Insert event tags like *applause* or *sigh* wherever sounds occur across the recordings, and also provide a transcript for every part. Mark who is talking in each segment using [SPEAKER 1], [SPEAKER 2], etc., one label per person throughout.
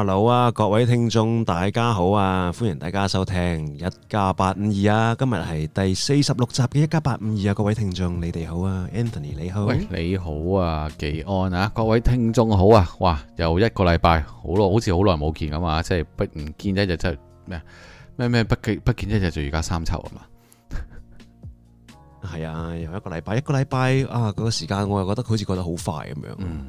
[SPEAKER 1] Hello 啊，各位聽眾大家好啊，歡迎大家收聽一家852啊，52, 今日係第四十六集嘅一家852啊，52, 各位聽眾你哋好啊，Anthony 你好，喂 Okay. 你好啊，技安啊，各位聽眾好啊，
[SPEAKER 2] 哇又一個禮拜好耐，好似好耐冇見啊嘛，即係不唔見一日就，咩？
[SPEAKER 1] 咩咩咩不不見一日就而家三秋啊嘛，係 *laughs* 啊，又一個禮拜一個禮拜啊，嗰個時間我又覺得好似過得好快咁樣。嗯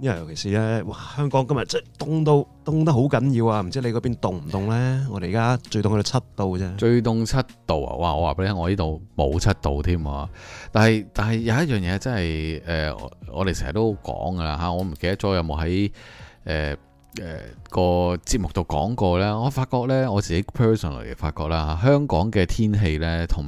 [SPEAKER 1] 因為尤其是咧，哇！香港今日真係凍到凍得好緊要啊！唔知你嗰邊凍唔凍呢？嗯、我哋而家最凍去到七度啫，最凍七度啊！哇！我話俾你聽，我呢度冇七度添。
[SPEAKER 2] 但係但係有一樣嘢真係誒、呃，我哋成日都講噶啦嚇，我唔記得咗有冇喺誒誒個節目度講過呢。我發覺呢，我自己 personal 嚟發覺啦，香港嘅天氣呢，同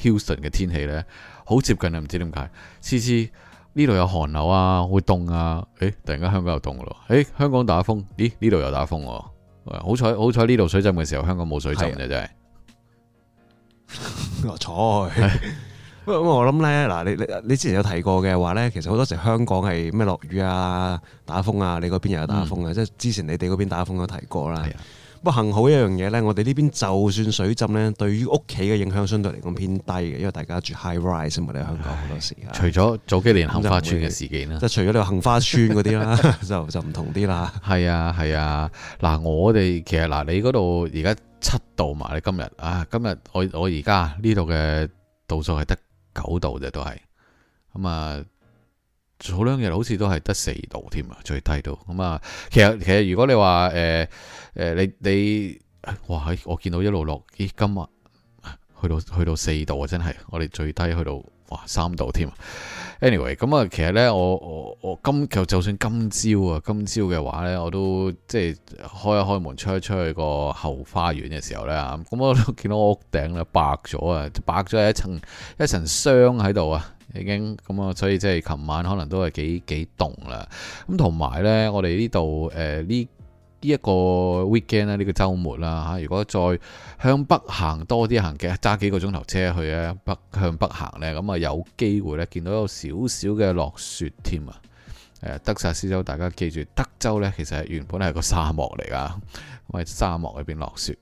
[SPEAKER 2] Houston 嘅天氣呢，好接近啊！唔知點解次次。呢度有寒流啊，會凍啊，誒、欸，突然間香港又凍咯，誒、欸，香港打風，咦，呢度又打風喎！好彩好彩呢度水浸嘅時候香港冇水
[SPEAKER 1] 浸嘅，真係，啊、我彩，不過我諗呢，嗱，你你之前有提過嘅話呢，其實好多時香港係咩落雨啊、打風啊，你嗰邊又有打風啊，即係、嗯、之前你哋嗰邊打風都提過啦。不過幸好一樣嘢呢，我哋呢邊就算水浸呢，對於屋企嘅影響相對嚟講偏低嘅，因為大家住 high rise 啊嘛，我哋香港好多時間。
[SPEAKER 2] 除咗早幾年杏花村嘅事件啦，即係除咗你杏花村嗰啲啦，就就唔同啲啦。係啊係啊，嗱、啊、我哋其實嗱，你嗰度而家七度嘛，你今日啊，今日我我而家呢度嘅度數係得九度咋都係，咁啊。早兩日好似都係得四度添啊，最低都咁啊、嗯。其實其實如果你話誒誒，你你哇，我見到一路落，咦、哎，今日去到去到四度啊，真係我哋最低去到哇三度添。Anyway，咁、嗯、啊、嗯，其實呢，我我我今就算今朝啊，今朝嘅話呢，我都即係開一開門，出一出去個後花園嘅時候呢，咁、嗯、我都見到我屋頂咧白咗啊，白咗一層一層霜喺度啊。已經咁啊，所以即係琴晚可能都係幾幾凍啦。咁同埋呢，我哋呢度誒呢呢一個 weekend 呢個週末啦、嚇、如果再向北行多啲行嘅，揸幾個鐘頭車去北向北行呢，咁啊有機會呢，見到有少少嘅落雪添啊！德薩斯州，大家記住德州呢其實原本係個沙漠嚟噶，咁、啊、喺沙漠裏邊落雪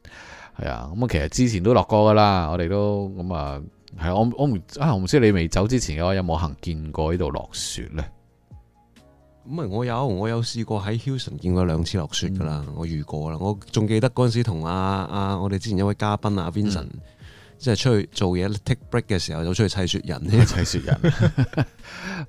[SPEAKER 2] 係啊。咁啊，其實之前都落過噶啦，我哋都咁啊。係我我唔啊我唔知你未走之前嘅話有冇行見過呢度落雪咧？
[SPEAKER 1] 咁啊我有我有試過喺 Hilton 見過兩次落雪噶啦，嗯、我遇過啦。我仲記得嗰陣時同阿阿我哋之前一位嘉賓阿、啊、Vincent 即係、嗯、出去做嘢 take break 嘅時候，就出去砌雪人，嗯、砌雪人。 *laughs*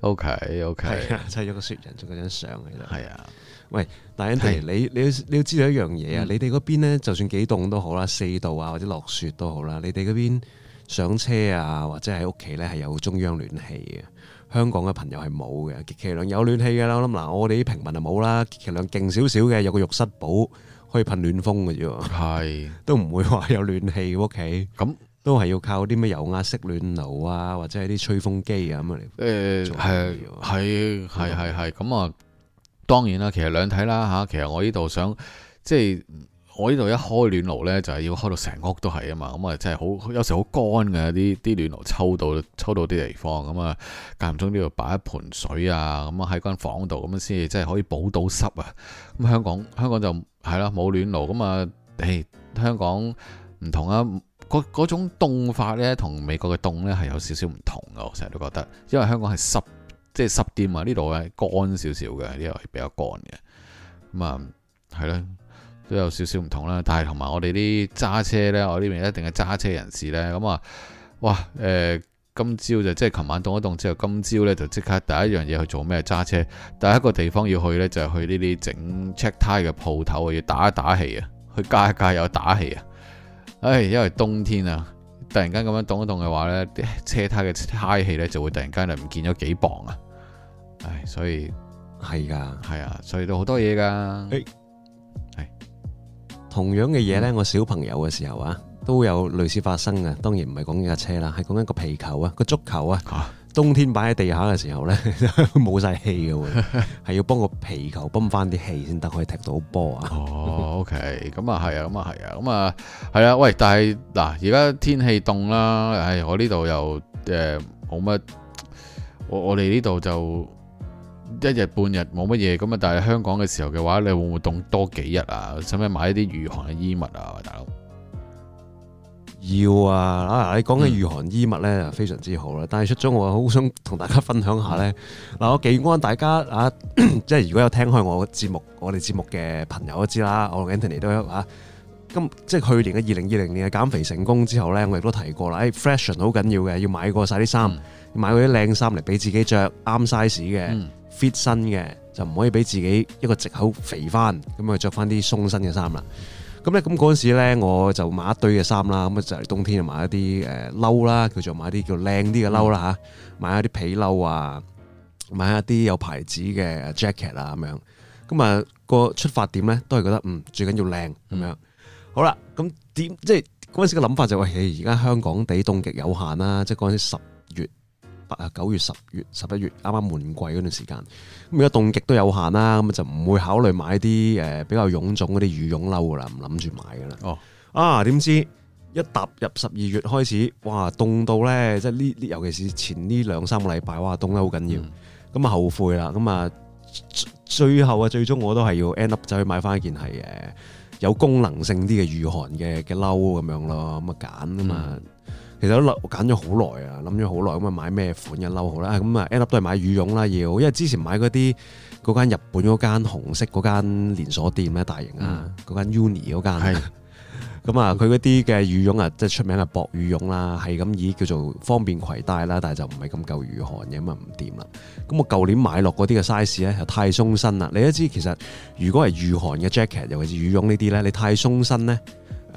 [SPEAKER 1] *laughs* OK OK，、啊、砌咗個雪人，做咗張相。係啊，喂，第一是你你要，你要知道一樣嘢啊，嗯、你哋嗰邊呢，就算幾凍都好啦，四度啊或者落雪都好啦，你哋嗰邊。上車啊，或者喺屋企呢，係有中央暖氣嘅，香港嘅朋友係冇嘅。極其量有暖氣嘅，我諗嗱，我哋啲平民就冇啦。極其量勁少少嘅，有個浴室寶可以噴暖風嘅啫。係是都唔會話有暖氣屋企，咁、嗯、都係要靠啲咩油壓式暖爐啊，或者係啲吹風機啊咁嚟。誒係係係係係咁啊！當然啦，
[SPEAKER 2] 其實兩睇啦吓，其實我呢度想即係。我呢度一開暖爐呢，就係、是、要開到成屋都係啊嘛，咁、嗯、啊真係好，有時好乾嘅啲啲暖爐抽到抽到啲地方，咁啊間唔中呢度擺一盆水啊，咁啊喺間房度咁先，至真係可以補到濕啊！咁、嗯、香港香港就係啦，冇暖爐咁啊，誒、嗯哎、香港唔同啊，嗰嗰種凍法呢，同美國嘅凍呢係有少少唔同嘅，我成日都覺得，因為香港係濕，即、就、係、是、濕啲嘛、啊，呢度係乾少少嘅，呢度係比較乾嘅，咁啊係啦。都有少少唔同啦，但係同埋我哋啲揸車呢，我呢邊一定係揸車人士呢。咁啊，哇，誒、呃，今朝就即係琴晚凍一凍之後，今朝呢就即刻第一樣嘢去做咩？揸車，第一個地方要去呢，就係去呢啲整 check 胎嘅鋪頭啊，要打一打氣啊，去加一加油打氣啊，唉、哎，因為冬天啊，突然間咁樣凍一凍嘅話呢，啲車胎嘅胎氣呢就會突然間就唔見咗幾磅啊，唉、哎，所以係噶，係啊的，所以都好多嘢噶。哎
[SPEAKER 1] 同樣嘅嘢呢，我小朋友嘅時候啊，都有類似發生啊。當然唔係講依架車啦，係講一個皮球啊，個足球啊。冬天擺喺地下嘅時候呢，冇晒氣㗎喎，係 *laughs* 要幫個皮球泵翻啲氣先得可以踢到波啊。哦 okay, *laughs* 啊。哦，OK，咁啊係啊，咁啊係啊，咁啊係啊。
[SPEAKER 2] 喂，但係嗱，而家天氣凍啦，唉，我呢度又誒冇乜，我我哋呢度就。一日半日冇乜嘢咁啊，但係香港
[SPEAKER 1] 嘅時候嘅話，你會唔會凍多幾日啊？使唔使買一啲御寒嘅衣物啊，大佬？要啊！啊，你講緊御寒衣物咧、嗯、非常之好啦。但係出咗我好想同大家分享一下咧嗱，嗯、我技安大家啊，即係如果有聽開我節目，我哋節目嘅朋友都知啦，我 Anthony 都啊，咁即係去年嘅二零二零年嘅減肥成功之後咧，我亦都提過啦，fashion 好緊要嘅，要買過晒啲衫，嗯、買過啲靚衫嚟俾自己着啱 size 嘅。fit 身嘅就唔可以俾自己一個藉口肥翻，咁啊着翻啲鬆身嘅衫啦。咁咧咁嗰陣時咧，我就買一堆嘅衫啦。咁啊就冬天就買、呃、買一啲誒褸啦，叫做、嗯、買啲叫靚啲嘅褸啦嚇，買一啲皮褸啊，買一啲有牌子嘅 jacket 啊咁樣。咁啊、那個出發點咧都係覺得嗯最緊要靚咁、嗯、樣。好啦，咁點即係嗰陣時嘅諗法就係、是，而、欸、家香港地凍極有限啦，即係嗰陣時十八啊九月、十月、十一月，啱啱換季嗰段時間，咁而家凍極都有限啦，咁就唔會考慮買啲誒比較臃腫嗰啲羽絨褸噶啦，唔諗住買噶啦。哦，啊，點知一踏入十二月開始，哇，凍到咧，即係呢呢，尤其是前呢兩三個禮拜，哇，凍得好緊要，咁啊、嗯、後悔啦，咁啊最後啊最終我都係要 end up 走去買翻一件係誒有功能性啲嘅御寒嘅嘅褸咁樣咯，咁啊揀啊嘛。嗯其實都揀咗好耐啊，諗咗好耐，咁啊買咩款嘅褸好啦？咁啊 a l 都係買羽絨啦，要因為之前買嗰啲嗰間日本嗰間紅色嗰間連鎖店咧，大型啊，嗰間 Uniqlo 嗰間。咁啊，佢嗰啲嘅羽絨啊，即係出名嘅薄羽絨啦，係咁以叫做方便攜帶啦，但係就唔係咁夠御寒嘅嘛，唔掂啦。咁我舊年買落嗰啲嘅 size 咧，又太鬆身啦。你都知其實如果係御寒嘅 jacket，尤其是羽絨呢啲咧，你太鬆身咧。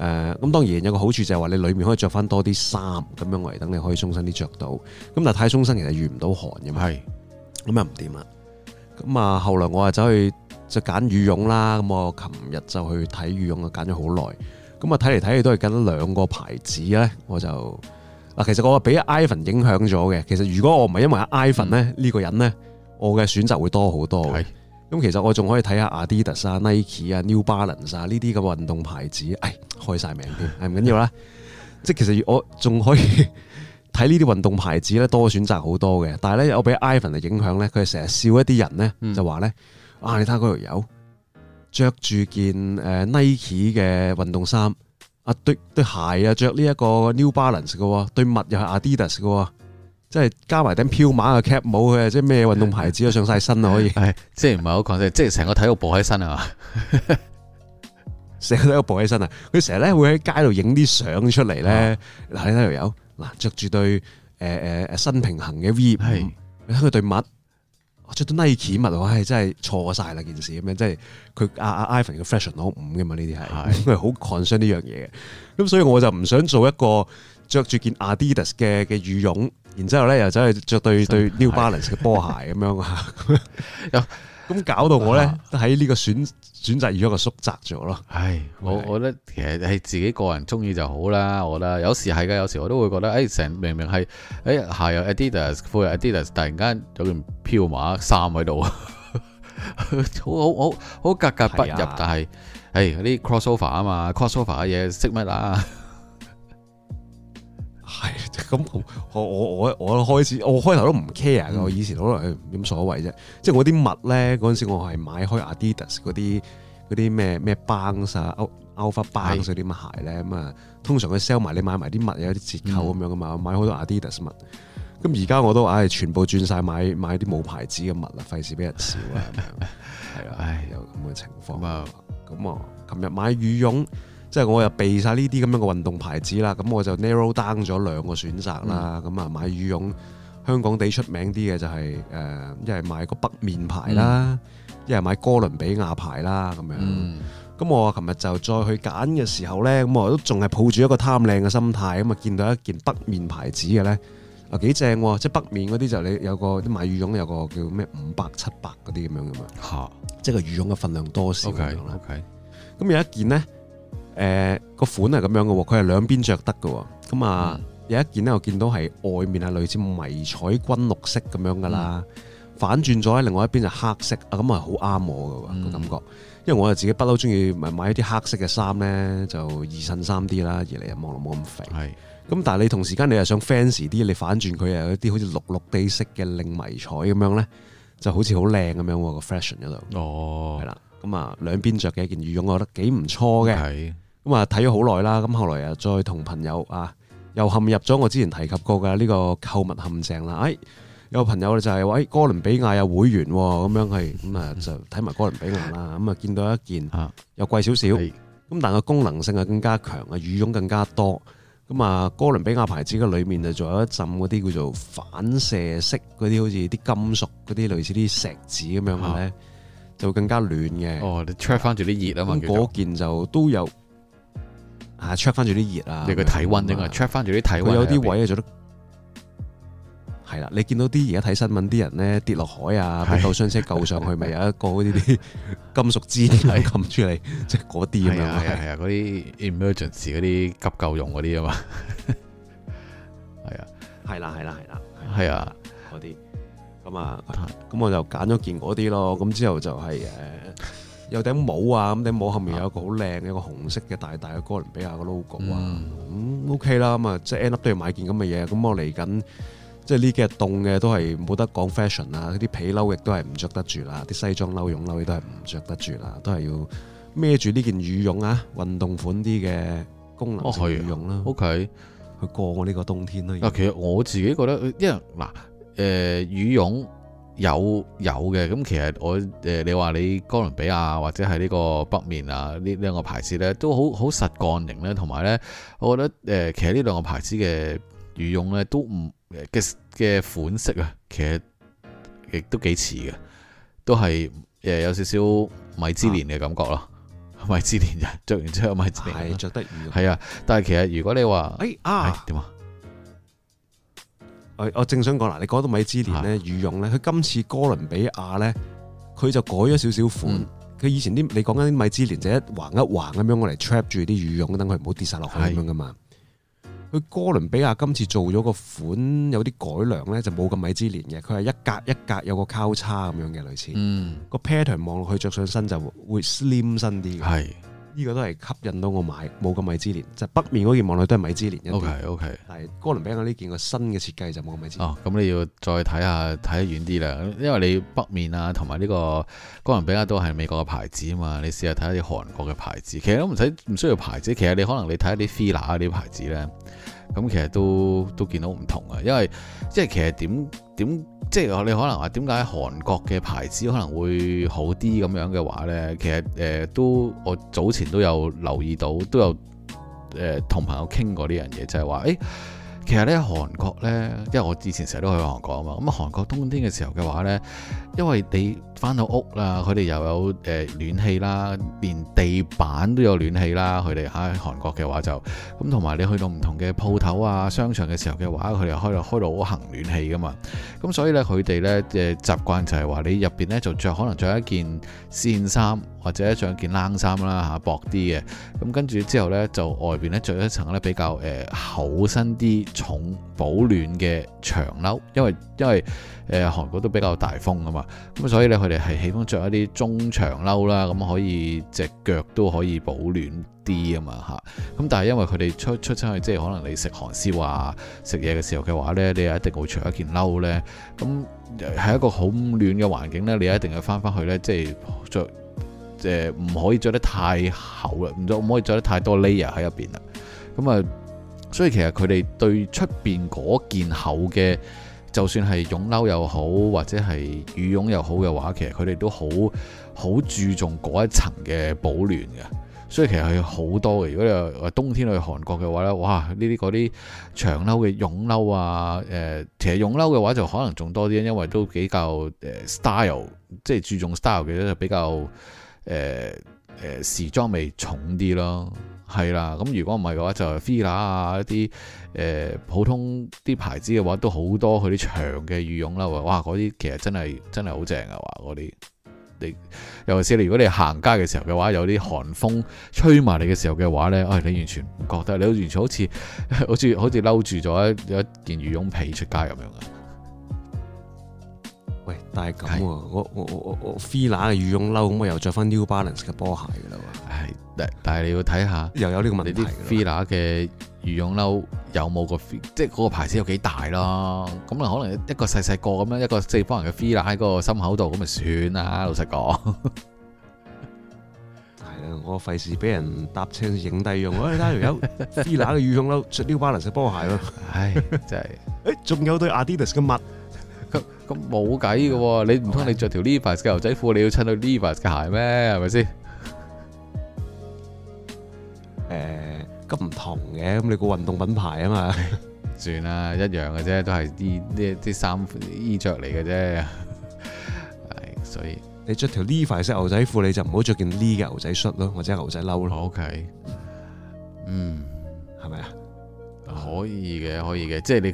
[SPEAKER 1] 誒，咁、呃、當然有個好處就係話你裏面可以着翻多啲衫，咁樣為等你可以鬆身啲着到。咁但太鬆身其實遇唔到寒嘅，係咁又唔掂啦。咁啊，後來我啊走去就揀羽絨啦。咁我琴日就去睇羽絨啊，揀咗好耐。咁啊睇嚟睇去都係揀兩個牌子咧。我就嗱，其實我係俾 Ivan 影響咗嘅。其實如果我唔係因為阿 Ivan 咧呢個人咧，我嘅選擇會多好多。咁其實我仲可以睇下阿迪達斯啊、Nike 啊、New Balance 啊呢啲嘅運動牌子，唉，開晒名添，係唔緊要啦。即係 *laughs* 其實我仲可以睇呢啲運動牌子咧，多選擇好多嘅。但係咧，我俾 Ivan 嚟影響咧，佢成日笑一啲人咧，嗯、就話咧，啊你睇下嗰條友，着住件誒 Nike 嘅運動衫，啊對對鞋啊，着呢一個 New Balance 嘅喎，對襪又係阿迪達斯嘅喎。即係加埋頂飄馬嘅 cap 帽嘅，即係咩運動牌子都上晒身啊，可以， *laughs* 係即係唔係好誇，即係成個體育播喺身啊嘛，成個體育播喺身啊！佢成日咧會喺街度影啲相出嚟，咧。嗱，你睇條友，嗱，着住對誒誒新平衡嘅 v i 是 你睇佢對襪，着到 Nike 襪，哇！真係錯晒啦件事咁樣，即係佢阿阿 Ivan 嘅 fashion 攞五嘅嘛，呢啲係，佢係好 concern 呢樣嘢嘅。咁是 所以我就唔想做一個着住件 Adidas 嘅嘅羽絨。然之後咧，又走去着對對 New Balance 嘅波鞋咁樣啊，咁搞到我咧喺呢個選選擇而家個縮窄咗咯。唉，我我覺得其實係自己個人鍾意
[SPEAKER 2] 就好啦。我覺得有時係嘅，有時我都會覺得，唉，成明明係，唉，鞋又 Adidas，褲又 Adidas，突然間有件彪馬衫喺度，好好好好格格不入，但係，唉，嗰啲 crossover 啊嘛，crossover 嘅嘢識乜啦？
[SPEAKER 1] 係咁，我我我我開始，我開頭都唔 care 嘅。嗯、我以前可能誒冇所謂啫，即係我啲物咧嗰陣時我，我係買開 Adidas 嗰啲啲咩咩 Bang 啊、Alphabang 啲鞋咧咁啊。是通常佢 sell 埋你買埋啲物有啲折扣咁樣噶嘛，嗯哎，買好多 Adidas 物。咁而家我都唉全部轉晒買啲冇牌子嘅物啦，費事俾人笑啊，係啊，唉 *laughs* 有咁嘅情況。咁啊唉，琴日買羽絨。即係我又避晒呢啲咁樣嘅運動牌子啦，咁我就 narrow down 咗兩個選擇啦。咁啊、嗯、買羽絨，香港地出名啲嘅就係、是、誒，呃、是一係買個北面牌啦，一係、嗯、買哥倫比亞牌啦咁樣。咁、嗯、我琴日就再去揀嘅時候咧，咁我都仲係抱住一個貪靚嘅心態，咁啊見到一件北面牌子嘅咧啊幾正，即係北面嗰啲就你有個啲買羽絨有個叫咩五百七百嗰啲咁樣嘅嘛，嚇、啊，即係個羽絨嘅份量多少 OK 咁有一件呢。誒個、呃、款係咁樣嘅喎，佢係兩邊着得嘅喎。咁啊、嗯，有一件呢，我見到係外面係類似迷彩軍綠色咁樣嘅啦，嗯、反轉咗喺另外一邊就黑色啊。咁啊，好啱我嘅喎個感覺，嗯、因為我又自己不嬲中意咪買一啲黑色嘅衫呢，就易身三啲啦，而你又望落冇咁肥。係咁是，但係你同時間你又想 fancy 啲，你反轉佢又有一啲好似綠綠地色嘅另迷彩咁樣呢，就好似好靚咁樣個 fashion 嗰度。哦，係啦。咁啊，兩邊着嘅一件羽絨，我覺得幾唔錯嘅。咁啊的，睇咗好耐啦。咁後來啊，再同朋友啊，又陷入咗我之前提及過嘅呢個購物陷阱啦。誒、哎，有個朋友就係話，喂，哥倫比亞有會員咁 *laughs* 樣係，咁啊就睇埋哥倫比亞啦。咁啊見到一件又貴少少，咁、啊、但係個功能性啊更加強，嘅羽絨更加多。咁啊，哥倫比亞牌子嘅裏面就仲有一浸嗰啲叫做反射式嗰啲，好似啲金屬嗰啲，類似啲石子咁、啊、樣嘅咧。就更加暖嘅。哦，你 check 翻住啲熱啊嘛。嗰件就都有啊，check 翻住啲熱啊。你個體温應該 check 翻住啲體温。有啲位啊，做得係啦。你見到啲而家睇新聞啲人咧跌落海啊，被救傷車救上去，咪有一個嗰啲金屬枝嚟撳住你，即係嗰啲咁樣。係啊係啊，嗰啲 emergency 嗰啲急救用嗰啲啊嘛。係啊，係啦係啦係啦，係啊，嗰啲。咁啊，咁、嗯、我就揀咗件嗰啲咯。咁之後就係、是、誒有頂帽啊，咁頂帽後面有一個好靚嘅一個紅色嘅大大嘅哥倫比亞嘅 logo 啊、嗯，咁、嗯、OK 啦。咁啊，即係 end up 都要買件咁嘅嘢。咁我嚟緊即係呢幾日凍嘅，都係冇得講 fashion 啊。啲皮褸亦都係唔着得住啦，啲西裝褸、羽絨褸亦都係唔着得住啦，都係要孭住呢件羽絨啊，運動款啲嘅功能性、哦、羽絨啦。OK，佢過我呢個冬天啦、啊。其實我自己覺得，因為嗱。
[SPEAKER 2] 誒、呃，羽絨有有嘅，咁其實我誒、呃，你話你哥倫比亞或者係呢個北面啊，呢兩個牌子咧都好好實幹型咧，同埋咧，我覺得誒、呃，其實呢兩個牌子嘅羽絨咧都唔嘅嘅款式啊，其實亦都幾似嘅，都係誒有少少米芝蓮嘅感覺咯，啊、米芝蓮就着完之後米芝蓮係着得，係啊，但係其
[SPEAKER 1] 實如果你話誒啊點啊？哎呀哎我正想講嗱，你講到米芝蓮咧羽絨咧，佢今次哥倫比亞咧，佢就改咗少少款。佢、嗯、以前啲你講緊啲米芝蓮就是、一橫一橫咁是樣我嚟 trap 住啲羽絨，等佢唔好跌曬落去咁樣噶嘛。佢哥倫比亞今次做咗個款有啲改良咧，就冇咁米芝蓮嘅，佢係一格一格有個交叉咁樣嘅類似，個 pattern 望落去着上身就會 slim 身啲。呢個都係吸引到我買，冇咁米芝蓮。就北面嗰件望落都係米芝蓮一啲。OK OK，但係哥倫比亞呢件個新嘅設計就冇咁米芝蓮。哦，咁你要再
[SPEAKER 2] 睇下睇得遠啲啦，因為你北面啊同埋呢個哥倫比亞都係美國嘅牌子啊嘛。你試下睇下啲韓國嘅牌子，其實都唔使唔需要牌子。其實你可能你睇下啲 Fila 啲牌子咧。咁其實都都見到唔同嘅，因為即係其實點點即係你可能話點解韓國嘅牌子可能會好啲咁樣嘅話呢？其實、呃、都我早前都有留意到，都有呃、同朋友傾過呢樣嘢，就係話誒其實呢，韓國呢，因為我之前成日都去韓國啊嘛，咁啊韓國冬天嘅時候嘅話呢，因為你。翻到屋啦，佢哋又有誒暖氣啦，連地板都有暖氣啦。佢哋喺韓國嘅話就咁，同埋你去到唔同嘅鋪頭啊、商場嘅時候嘅話，佢哋開到開到好行暖氣㗎嘛。咁所以呢，佢哋呢嘅習慣就係話，你入邊呢，就着可能着一件線衫或者着一件冷衫啦吓，薄啲嘅。咁跟住之後呢，就外邊呢着一層呢比較誒、呃、厚身啲、重保暖嘅長褸，因為因為。誒韓國都比較大風啊嘛，咁所以咧佢哋係喜歡着一啲中長褸啦，咁可以隻腳都可以保暖啲啊嘛嚇。咁但係因為佢哋出，出出親去，即係可能你食韓燒啊、食嘢嘅時候嘅話咧，你又一定會著一件褸咧。咁喺一個好暖嘅環境咧，你一定要翻翻去咧，即係著誒唔可以着得太厚啦，唔可唔可以着得太多 layer 喺入邊啦。咁啊，所以其實佢哋對出邊嗰件厚嘅。就算係絨褸又好，或者係羽絨又好嘅話，其實佢哋都好好注重嗰一層嘅保暖嘅，所以其實佢好多嘅。如果你話冬天去韓國嘅話咧，哇！呢啲嗰啲長褸嘅絨褸啊，誒、呃，其實絨褸嘅話就可能仲多啲，因為都比較誒 style，即係注重 style 嘅比較誒誒、呃呃、時裝味重啲咯。係啦，咁如果唔係嘅話，就 fila 啊一啲誒、呃、普通啲牌子嘅話，都好多佢啲長嘅羽絨啦，哇！嗰啲其實真係真係好正啊，話嗰啲，你尤其是你如果你行街嘅時候嘅話，有啲寒風吹埋嚟嘅時候嘅話呢、哎。你完全唔覺得你完全好似好似好似攬住咗一件羽絨被出街咁樣。
[SPEAKER 1] 但係咁、啊是，我我我我我 Fila 嘅羽絨褸，咁我又着翻 New Balance 嘅波鞋噶啦。係，但但係你要睇下，又有呢個問題。Fila 嘅
[SPEAKER 2] 羽絨褸有冇個即係嗰個牌子有幾大咯？咁啊，可能一個細細個咁樣，一個西方人嘅 Fila 喺嗰個心口度，咁咪算啦。老實講，
[SPEAKER 1] 係啦，我費事俾人搭車影低用，哎，睇條友 Fila 嘅羽絨褸，着 New Balance 嘅波鞋咯。唉，真係。誒，仲有對 Adidas 嘅襪。
[SPEAKER 2] 咁咁冇計嘅，你唔通你着條 Levi's 嘅牛仔褲，你要襯對 Levi's 嘅鞋咩？係咪先？誒，咁唔同嘅，咁
[SPEAKER 1] 你個運動品牌啊嘛，算啦，一樣嘅啫，都係啲啲啲衫衣着嚟嘅啫。係，所以你着條 Levi's 嘅牛仔褲，你就唔好着件 Levi's 嘅牛仔恤咯，或者牛仔褸咯。O K，嗯，係咪
[SPEAKER 2] 啊？可以嘅，可以嘅，即係你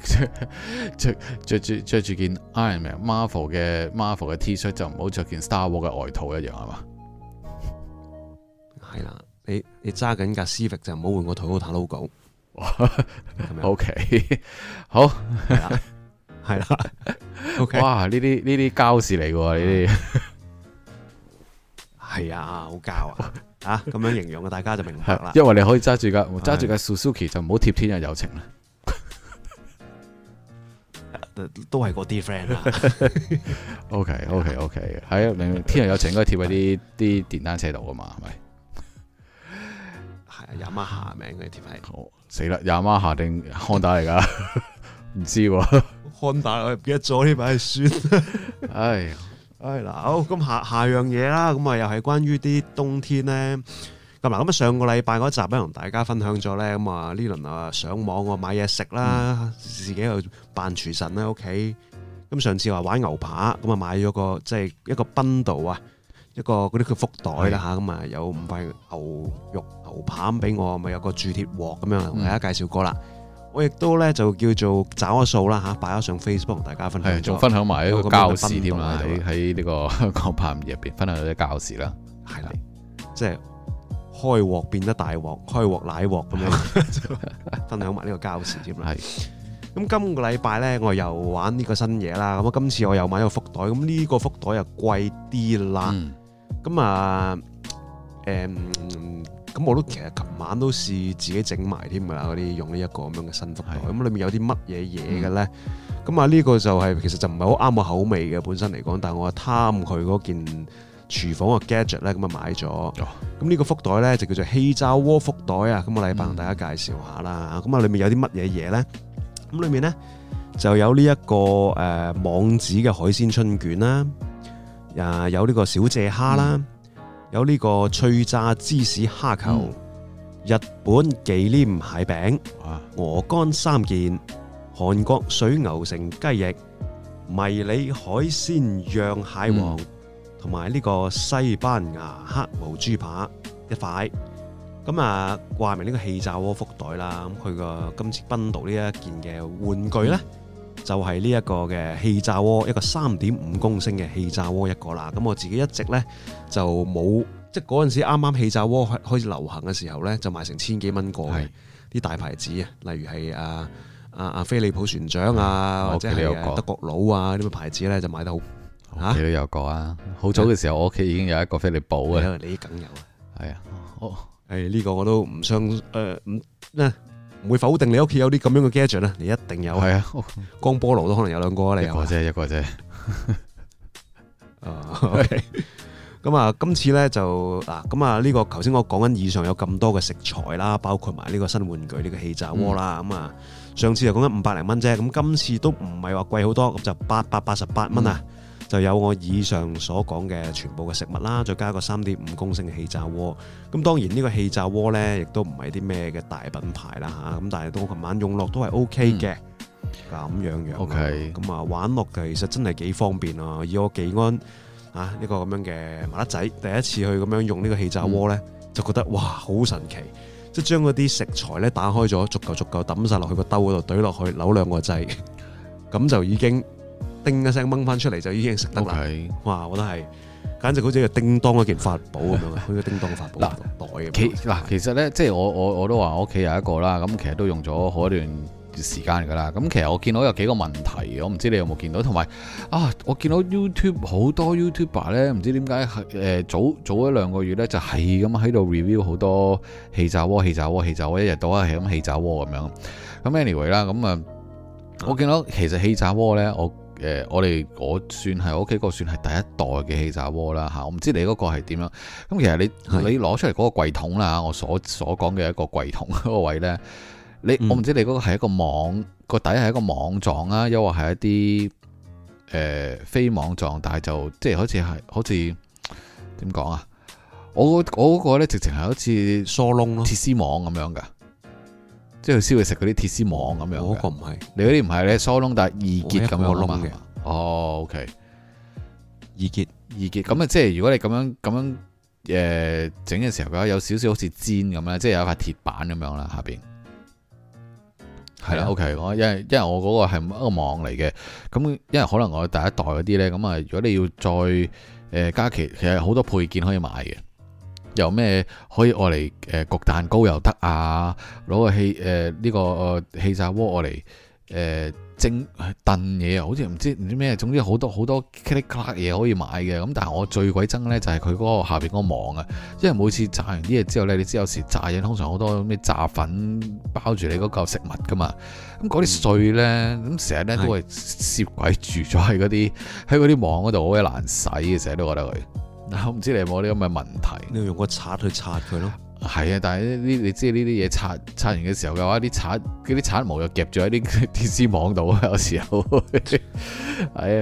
[SPEAKER 2] 着着着住着住件 Iron Man Marvel 嘅 Marvel 嘅 T 恤就唔好着件 Star War 嘅外套一樣係嘛？
[SPEAKER 1] 係啦，你你揸緊架 Civic 就唔好換個 Toyota logo。O K，好係啦
[SPEAKER 2] ，O K，哇，呢啲呢啲膠事嚟嘅呢啲，
[SPEAKER 1] 係啊，好膠啊！啊，咁樣形容嘅，大家就明白啦。因為你可以揸住架揸住架
[SPEAKER 2] Suzuki，就唔好貼天日友情啦。
[SPEAKER 1] *laughs* 都係嗰啲 friend 啦。
[SPEAKER 2] OK，OK，OK，okay, okay, okay. 喺明天日友情應該貼喺啲啲電單車度啊嘛，係咪？
[SPEAKER 1] 係 *laughs* 啊，雅馬夏名嘅貼係。好，死啦，雅馬夏定康達嚟噶，唔知喎。康達，我唔記得咗呢排算。哎呀。哎啦，好咁下下樣嘢啦，咁啊又係關於啲冬天咧。咁嗱，咁啊上個禮拜嗰集咧同大家分享咗咧，咁啊呢輪啊上網我買嘢食啦，嗯、自己又扮廚神咧屋企。咁、okay、上次話玩牛扒，咁啊買咗個即係一個賓、就是、道啊，一個嗰啲叫福袋啦吓，咁的啊有五塊牛肉牛扒俾我，咪有個鑄鐵鑊咁樣同大家介紹過啦。嗯我亦都咧就叫做找個數啦嚇，擺咗上 Facebook 同大家分享，仲分享埋呢個教室添啦，喺呢個香港拍入邊分享咗教室啦，係啦的，的即係開鑊變得大鑊，開鑊奶鑊咁樣， *laughs* 分享埋呢個教室添。啦的。係，咁今個禮拜咧，我又玩呢個新嘢啦。咁啊，今次我又買咗個福袋，咁呢個福袋又貴啲啦。咁、嗯、啊，誒、嗯。咁我都其實琴晚都試自己整埋添㗎啦，嗰啲用呢一個咁樣嘅新福袋。咁裏面有啲乜嘢嘢嘅咧？咁啊呢個就係、是、其實就唔係好啱我口味嘅本身嚟講，但係我貪佢嗰件廚房嘅 gadget 咧，咁啊買咗。咁呢個福袋咧就叫做氣炸鍋福袋啊！咁、那、我、個、禮拜同大家介紹下啦。咁啊裏面有啲乜嘢嘢咧？咁裏面咧就有呢、這、一個誒網紙嘅海鮮春卷啦，啊有呢個小借蝦啦。嗯嗯有呢個脆炸芝士蝦球、嗯、日本忌廉蟹餅、啊、鵝肝三件、韓國水牛城雞翼、迷你海鮮釀蟹王，同埋呢個西班牙黑毛豬扒一塊。咁啊，掛名呢個氣炸鍋福袋啦。咁佢個今次賓到呢一件嘅玩具咧。就係呢一個嘅氣炸鍋，一個三點五公升嘅氣炸鍋一個啦。咁我自己一直咧就冇，即係嗰陣時啱啱氣炸鍋開始流行嘅時候咧，就賣成千幾蚊個嘅啲大牌子是的 例如係啊，例如係啊啊啊飛利浦船長啊，啊有或者係德國佬啊呢個牌子咧，就買得好嚇。你都有個啊？好、啊、早嘅時候，我屋企已經有一個飛利浦嘅。你梗有啊。係、呢個呃、啊？哦，呢個我都唔相誒唔咧。唔會否定你屋企有啲咁樣嘅傢俱咧，你一定有。係啊，光波爐都可能有兩個啊，你一個啫，一個啫。咁 *laughs* 啊、uh, okay.，今次咧就嗱，咁啊，呢、這個頭先我講緊以上有咁多嘅食材啦，包括埋呢個新玩具呢、這個氣炸鍋啦。咁啊、嗯，上次就講緊五百零蚊啫，咁今次都唔係話貴好多，咁就八百八十八蚊啊。嗯就有我以上所講嘅全部嘅食物啦，再加個三點五公升嘅氣炸鍋。咁當然呢個氣炸鍋咧，亦都唔係啲咩嘅大品牌啦嚇。咁但係到我琴晚用落都係 O K 嘅咁樣樣。O K。咁啊玩落其實真係幾方便咯。以我技安啊呢個咁樣嘅麻甩仔第一次去咁樣用呢個氣炸鍋咧，就覺得哇好神奇！即係將嗰啲食材咧打開咗，逐個逐個抌曬落去個兜嗰度，懟落去扭兩個掣，咁就已經。叮一聲，掹翻出嚟就已經食得啦 Okay，哇！我都係，簡直好似個叮當一件法寶咁樣，好似 *laughs* 叮當嘅法寶袋咁。嗱，其實咧，即係我我我都話我屋企有一個啦，咁其實都
[SPEAKER 2] 用咗好一段時間㗎啦。咁其實我見到有幾個問題，我唔知你有冇見到，同埋啊，我見到 YouTube 好多 YouTuber 咧，唔知點解誒早早一兩個月咧就係咁喺度 review 好多氣炸鍋、氣炸鍋、氣炸鍋一日到黑係咁氣炸鍋咁樣。咁 anyway 啦，咁啊，我見到其實氣炸鍋咧，我。誒，我哋我算係我屋企嗰個算係第一代嘅氣炸鍋啦吓，我唔知你嗰個係點樣。咁其實你是的你攞出嚟嗰個櫃桶啦，我所所講嘅一個櫃桶嗰個位呢，你我唔知你嗰個係一個網個、嗯、底係一個網狀啊，又或係一啲、呃、非網狀，但係就即係好似係好似點講啊？我我嗰個呢直情係好似疏窿咯，鐵絲網咁樣㗎。即係佢先會食嗰啲鐵絲網咁樣嘅，嗰個唔係，你嗰啲唔係咧，疏窿但係易潔咁樣啊嘛。哦、oh,，OK，易潔易潔咁啊！即係如果你咁樣咁樣誒整嘅時候，佢有少少好似煎咁咧，即係有一塊鐵板咁樣啦，下邊。
[SPEAKER 1] 係啦、啊
[SPEAKER 2] 啊、，OK，我因為因為我嗰個係一個網嚟嘅，咁因為可能我第一代嗰啲咧，咁啊，如果你要再誒加期，其實好多配件可以買嘅。有咩可以我嚟焗蛋糕又得啊！攞個氣呢、呃呢個氣炸鍋我嚟、呃、蒸燉嘢啊！好似唔知唔知咩，總之好多好多咔哩咔嘢可以買嘅。咁但係我最鬼憎呢，就係佢嗰個下邊嗰網啊，因為每次炸完啲嘢之後呢，你知有時炸嘢通常好多咩炸粉包住你嗰嚿食物噶嘛，咁嗰啲碎呢，咁成日呢的都係攝鬼住咗喺嗰啲喺嗰啲網嗰度，好鬼難洗嘅，成日都覺得佢。我唔知你有冇呢咁嘅問題。你要用個刷去刷佢咯，係啊。但係呢，你知呢啲嘢刷刷完嘅時候嘅話，啲刷嗰啲刷毛又夾住喺啲鐵絲網度，有時候係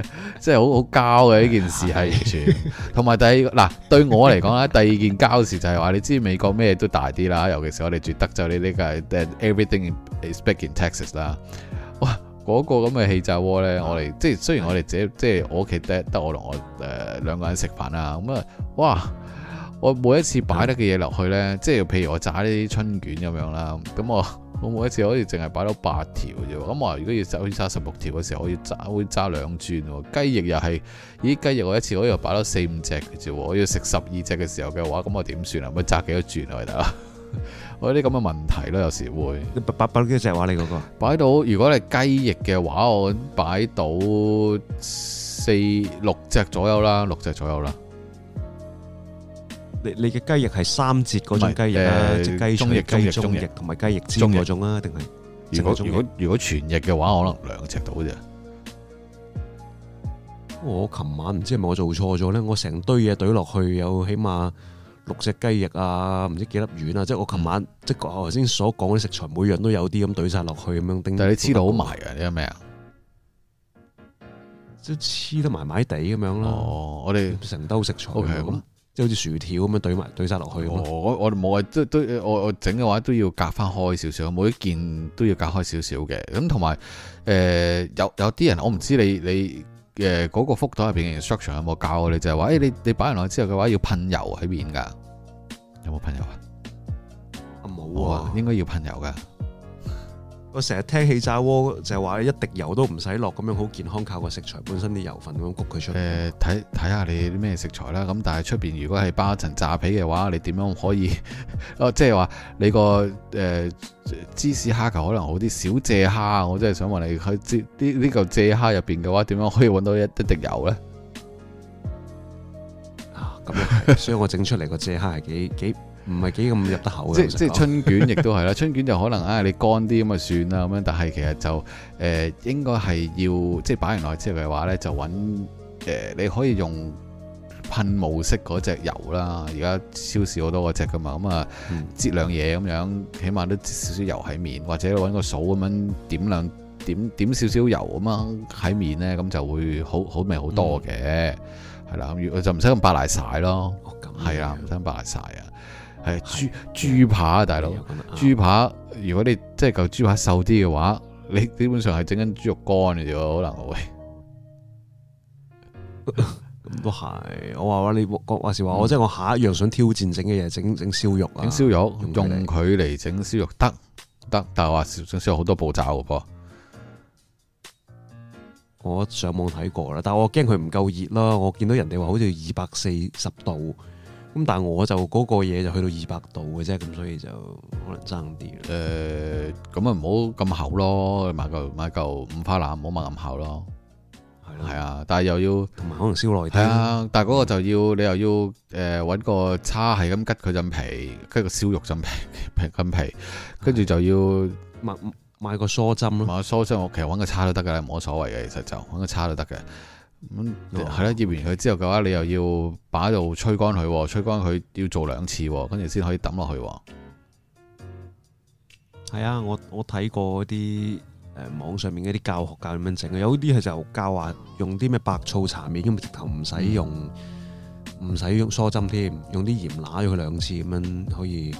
[SPEAKER 2] 啊，即係好好膠嘅呢件事係完全。同埋是的 第二嗱、 *laughs* 啊，對我嚟講啊，第二件膠事就係、是、話，你知美國咩都大啲啦，尤其是我哋住德州、這個，你呢個 Everything is back in Texas 啦。嗰個咁嘅氣炸鍋咧，我哋即係雖然我哋自己即係我屋企得得我同我誒、呃、兩個人食飯啦，咁啊，哇！我每一次擺得嘅嘢落去咧，即係譬如我炸呢啲春卷咁樣啦，咁我我每一次可以淨係擺到八條啫喎，咁我如果要炸好似炸十六條嘅時候，我要炸我會炸兩轉喎。雞翼又係，咦，雞翼我一次可以又擺到四五隻嘅啫，我要食十二隻嘅時候嘅話，咁我點算啊？咪炸幾多轉落去得啦？ *laughs* 我啲咁嘅問題咯，有時會擺擺幾隻話你嗰個擺到，如果你雞翼嘅話，我擺到四六隻左右啦，六隻左右啦。
[SPEAKER 1] 右你你嘅雞翼係三節嗰種雞翼啦，呃、即雞翼中翼同埋雞翼尖嗰種
[SPEAKER 2] 啊？定係翼如果
[SPEAKER 1] 如果全翼嘅話，可能兩隻到啫。我琴晚唔知係咪我做錯咗咧，我成堆嘢堆落去，有起碼六隻雞翼啊，唔知幾粒丸啊，即係我琴晚、嗯、即係我頭先所講嘅食材，每樣都有啲咁堆晒落去咁、啊、樣。但係你黐到好埋㗎，你有咩啊？即係黐得埋埋地咁樣啦。哦，我哋成兜食材。咁即係好似薯條咁樣堆埋堆晒落去。
[SPEAKER 2] 嗯嗯、我我我冇啊，即都我我整嘅話都要隔翻開少少，每一件都要隔開少少嘅。咁同埋誒有、呃、有啲人，我唔知你你。你誒嗰個福袋入邊嘅 instruction 有冇教是說我哋就係話，誒你你擺完落去之後嘅話要噴油喺面㗎，有
[SPEAKER 1] 冇噴油啊？冇喎、啊啊哦，應該要噴油㗎。我成日聽氣炸鍋就係話一滴油都唔使落，咁樣好健康，靠個食材本身啲油份咁樣焗佢出嚟。呃，睇睇下你啲咩食材啦。咁但係出邊如果係包一層炸皮嘅
[SPEAKER 2] 話，你點樣可以？即係話你個誒、呃、芝士蝦球可能好啲。小隻蝦我真係想問你，去接呢個嚿蝦入邊嘅話，點樣可以揾到一一滴油呢？啊，咁，所以我整出嚟個蝦係幾幾？ *laughs* 幾唔係幾咁入得口嘅，即係春捲亦都係啦。 *laughs* 春捲就可能啊、哎，你乾啲咁啊算啦咁樣。但係其實就誒、呃、應該係要即係擺完落去之後嘅話呢，就揾誒、呃、你可以用噴霧式嗰隻油啦。而家超市好多嗰隻噶嘛，咁啊擠兩嘢咁樣，起碼都少少油喺面，或者揾個掃咁樣點兩點，點點少少油咁樣喺面呢，咁就會好好味好多嘅，係啦、嗯。咁就唔使咁白瀨晒咯，係啊、哦，唔使咁白瀨晒啊。係豬豬扒啊，大佬！豬、嗯嗯嗯嗯、扒，如果你真係嚿豬扒瘦啲嘅話，你基本上係整緊豬肉乾嘅啫，可能會
[SPEAKER 1] 咁都係。我話話你話話時話，我即係我下一樣想挑戰整嘅嘢，整整燒肉啊！整燒肉用佢嚟整燒肉得得，但係話燒燒肉好多步驟嘅噃。我上網睇過啦，但我驚佢唔夠熱啦。我見到人哋話好似二百四十度。咁但係我就嗰個嘢就去到二百度嘅啫，咁所以就可能爭啲、呃。誒，咁啊唔好咁厚咯，買嚿買嚿五花腩，唔好買咁厚咯。係啊，啊，
[SPEAKER 2] 但係又要同埋可能燒耐啲。係啊，但係嗰個就要你又要誒揾、呃、個叉係咁吉佢陣皮，吉個燒肉陣皮皮跟皮，跟住就要買買個梳針咯。買個梳針，我其實揾個叉都得㗎啦，冇乜所謂嘅，其實就揾個叉都得嘅。
[SPEAKER 1] 咁係
[SPEAKER 2] 啦，醃、嗯、完佢之後嘅話，你又要擺喺度吹乾佢，吹乾佢要做兩次，跟住先可以抌落去。
[SPEAKER 1] 係啊，我我睇過啲誒網上面一啲教學教點樣整，有啲係就教話用啲咩白醋搽面，因為直頭唔使用唔使、嗯、用，用梳針，添用啲鹽乸咗佢兩次咁樣可以。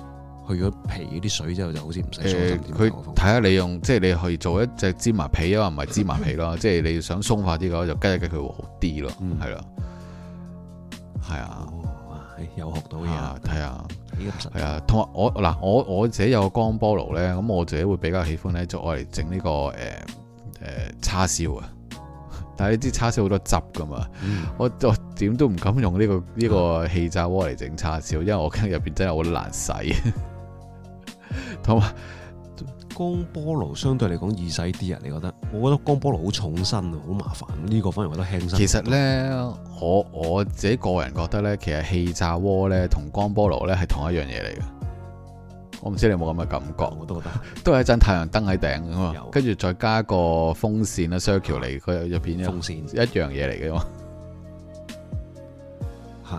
[SPEAKER 1] 去咗皮啲水之後，就好似唔使。誒，佢睇下
[SPEAKER 2] 你用，即、就、係、是、你去做一隻芝麻皮啊，唔係芝麻皮咯。即係 *laughs* 你想鬆化啲嘅，就加一加佢會好啲咯。嗯，係啦、啊，係啊、哦欸，又學到嘢，睇下，係啊，同埋我嗱，我我，我自己有個光波爐咧，咁我自己會比較喜歡咧，就我嚟整呢個誒誒、呃呃、叉燒啊。但係你知叉燒好多汁噶嘛，嗯、我我點都唔敢用呢、這個呢、這個氣炸鍋嚟整叉燒，因為我
[SPEAKER 1] 驚入邊真係好難洗。同埋光波爐相對嚟講易洗啲啊，你覺得？我覺得光波爐好重身啊，好麻煩。呢、呢個反而覺得輕身。其實咧，
[SPEAKER 2] 我我自己個人覺得咧，其實氣炸鍋咧同光波爐咧係同一樣嘢嚟嘅。我唔知你有冇咁嘅感覺？我都覺得都係一盞太陽燈喺頂啊嘛，跟住再加個風扇啦 circle 嚟，佢入邊一個風扇、啊、風扇一樣嘢
[SPEAKER 1] 嚟嘅嘛。係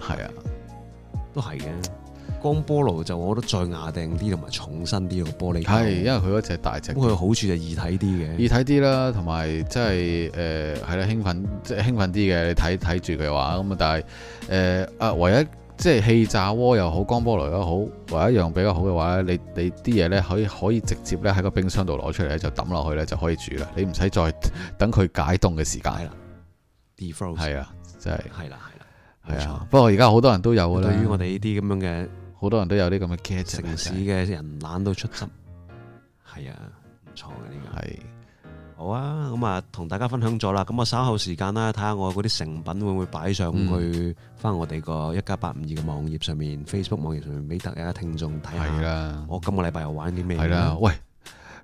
[SPEAKER 1] 係是啊，都係嘅。光波爐就我覺得再硬淨啲同埋重身啲個玻璃，係因為佢嗰隻大隻。咁佢嘅好處就易睇啲嘅，易睇啲啦，同埋即係誒係啦，興奮
[SPEAKER 2] 即係、就是、興奮啲嘅。你睇睇住佢嘅話，咁啊的，但係誒啊，唯一即係、就是、氣炸鍋又好，光波爐又好，唯一一樣比較好嘅話咧，你你啲嘢咧可以可以直接咧喺個冰箱度攞出嚟咧，就抌落去咧就可以煮啦。你唔使再等佢解凍嘅時間啦。
[SPEAKER 1] Defrost 係啊，真係係啦，係啦，係啊。的的不過而家好多人都有啦。對於我哋呢啲咁樣嘅。好多人都有啲咁嘅 case 城市嘅人懶到出汁，係 *laughs* 啊，唔錯嘅呢個係好啊！咁啊，同大家分享咗啦。咁我稍後時間啦，睇下我嗰啲成品會唔會擺上去翻我哋個一加八五二嘅網頁上面、嗯、，Facebook 網頁上面俾、嗯、大家聽眾睇下。係啦、啊，我今、哦這個禮拜又玩啲咩？係啦、啊，喂，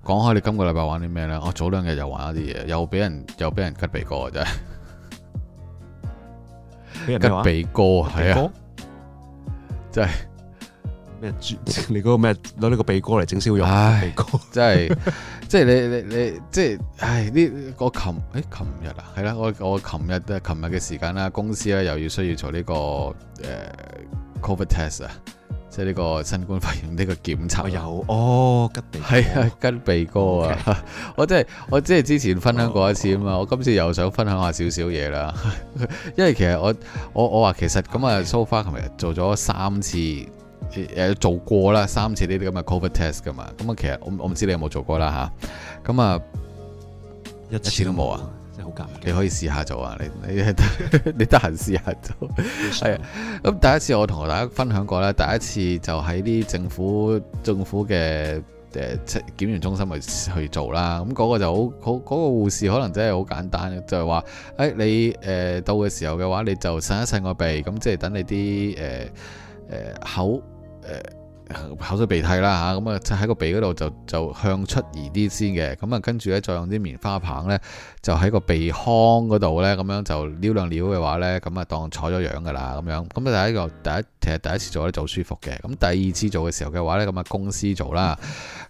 [SPEAKER 2] 講開你今個禮拜玩啲咩咧？我早兩日又玩一啲嘢，又俾人又俾人拮鼻哥 *laughs* 歌啊！真係俾
[SPEAKER 1] 人拮鼻哥啊，係、就、啊、是，即係。咩豬？你嗰個咩攞呢個鼻哥嚟整燒肉？唉，真係，即
[SPEAKER 2] 係你你你，即係唉呢個琴誒琴日啊，係啦，我我琴日咧，琴日嘅時間啦，公司咧又要需要做呢、這個誒、uh, COVID test 啊，即係呢個新冠肺炎呢、這個檢查，有哦吉地，吉鼻哥，係啊，吉鼻哥啊，我真係我真係之前分享過一次啊嘛，oh, oh. 我今次又想分享下少少嘢啦， *laughs* 因為其實我我我話其實咁啊，so far 琴日做咗三次。誒做過啦，三次呢啲咁嘅 COVID test 噶嘛，咁啊其實我我唔知你有冇做過啦吓？咁啊，啊一次都冇啊，真係好假，你可以試下做啊，你你得閒試下做，係啊，咁 *laughs* 說第一次我同大家分享過啦，第一次就喺啲政府政府嘅誒檢驗中心去去做啦，咁、那、嗰個就好嗰嗰個護士可能真係好簡單，就係話誒你誒、呃、到嘅時候嘅話你就擤一擤個鼻，咁即係等你啲誒誒口。誒，口水鼻涕啦吓，咁啊，就喺個鼻嗰度就就向出移啲先嘅，咁啊，跟住咧，再用啲棉花棒咧，就喺個鼻腔嗰度咧，咁樣就撩兩撩嘅話咧，咁啊，當坐咗樣噶啦，咁樣，咁啊，第一個第一其實第一次做咧就舒服嘅，咁第二次做嘅時候嘅話咧，咁啊公司做啦，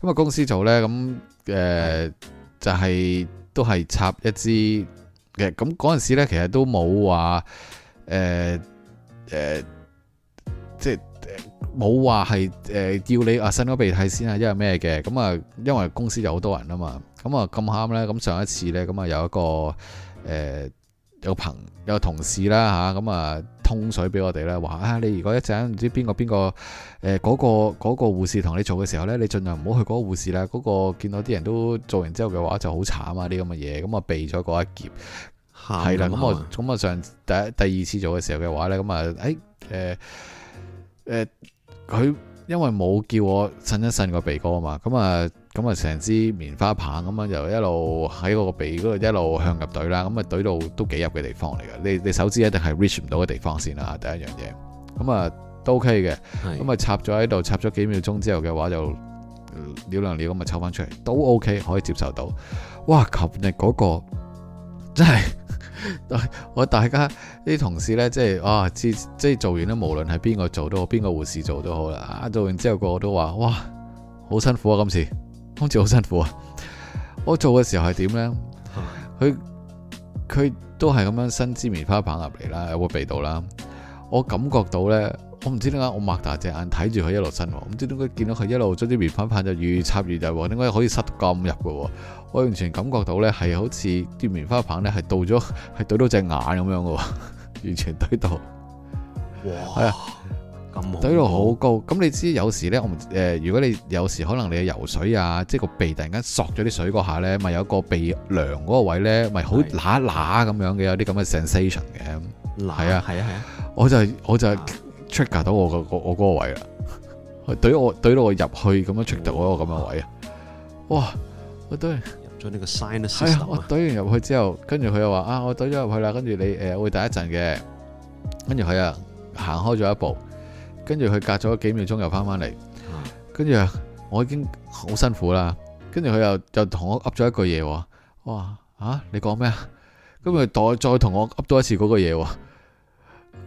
[SPEAKER 2] 咁啊公司做咧，咁誒、呃、就係、是、都係插一支嘅，咁嗰陣時咧其實都冇話誒誒即。冇話係誒叫你啊擤個鼻涕先啊，因為咩嘅咁啊？因為公司有好多人啊嘛，咁啊咁啱咧，咁上一次咧，咁啊有一個誒有朋有同事啦吓，咁啊通水俾我哋啦，話啊你如果一陣唔知邊個邊個誒嗰個嗰個護士同你做嘅時候咧，你盡量唔好去嗰個護士啦，嗰個見到啲人都做完之後嘅話就好慘啊啲咁嘅嘢，咁啊避咗嗰一劫。係啦，咁啊咁啊上第第二次做嘅時候嘅話咧，咁啊誒誒誒。佢因為冇叫我伸一伸個鼻哥啊嘛，咁啊咁啊成支棉花棒咁樣，就一路喺嗰個鼻嗰度一路向入隊啦。咁啊，隊到都幾入嘅地方嚟嘅。你你手指一定係 reach 唔到嘅地方先啦。第一樣嘢咁啊都 OK 嘅，咁啊是插咗喺度插咗幾秒鐘之後嘅話就撩兩撩，就撩兩撩咁啊抽翻出嚟都 OK 可以接受到。哇！琴日嗰個真係～我大家啲同事呢，即係啊，即係做完咧，無論係邊個做都好，邊個護士做都好啦。做完之後個個都話，哇，好辛苦啊！今次今次好辛苦啊！我做嘅時候係點呢？佢佢都係咁樣，新枝棉花棒入嚟啦，有個鼻到啦，我感覺到呢。我唔知點解，我擘大隻眼睇住佢一路伸，我唔知點解見到佢一路將啲棉花棒就越插越入，點解可以塞咁入嘅？我完全感覺到咧係好似啲棉花棒咧係到咗係懟到隻眼咁樣嘅，完全懟到。哇！係啊！咁懟到好高。咁你知有時咧，我誒、呃，如果你有時可能你游水啊，即係個鼻突然間索咗啲水嗰下咧，咪有一個鼻梁嗰個位咧，咪好乸乸咁樣嘅，有啲咁嘅 sensation 嘅。係啊係啊係啊！我就係我就係。出格到我個個我嗰個位啦，懟 *laughs* 我懟到我入去咁樣出到我個咁樣位啊！哇，哇，我懟入咗呢個 sign 啊！係啊、哎，我懟完入去之後，跟住佢又話啊，我懟咗入去啦，跟住你誒、呃、會等一陣嘅，跟住佢啊行開咗一步，跟住佢隔咗幾秒鐘又翻翻嚟，跟住、啊、我已經好辛苦啦，跟住佢又又同我噏咗一句嘢，哇啊你講咩啊？跟住佢再再同我噏多一次嗰個嘢。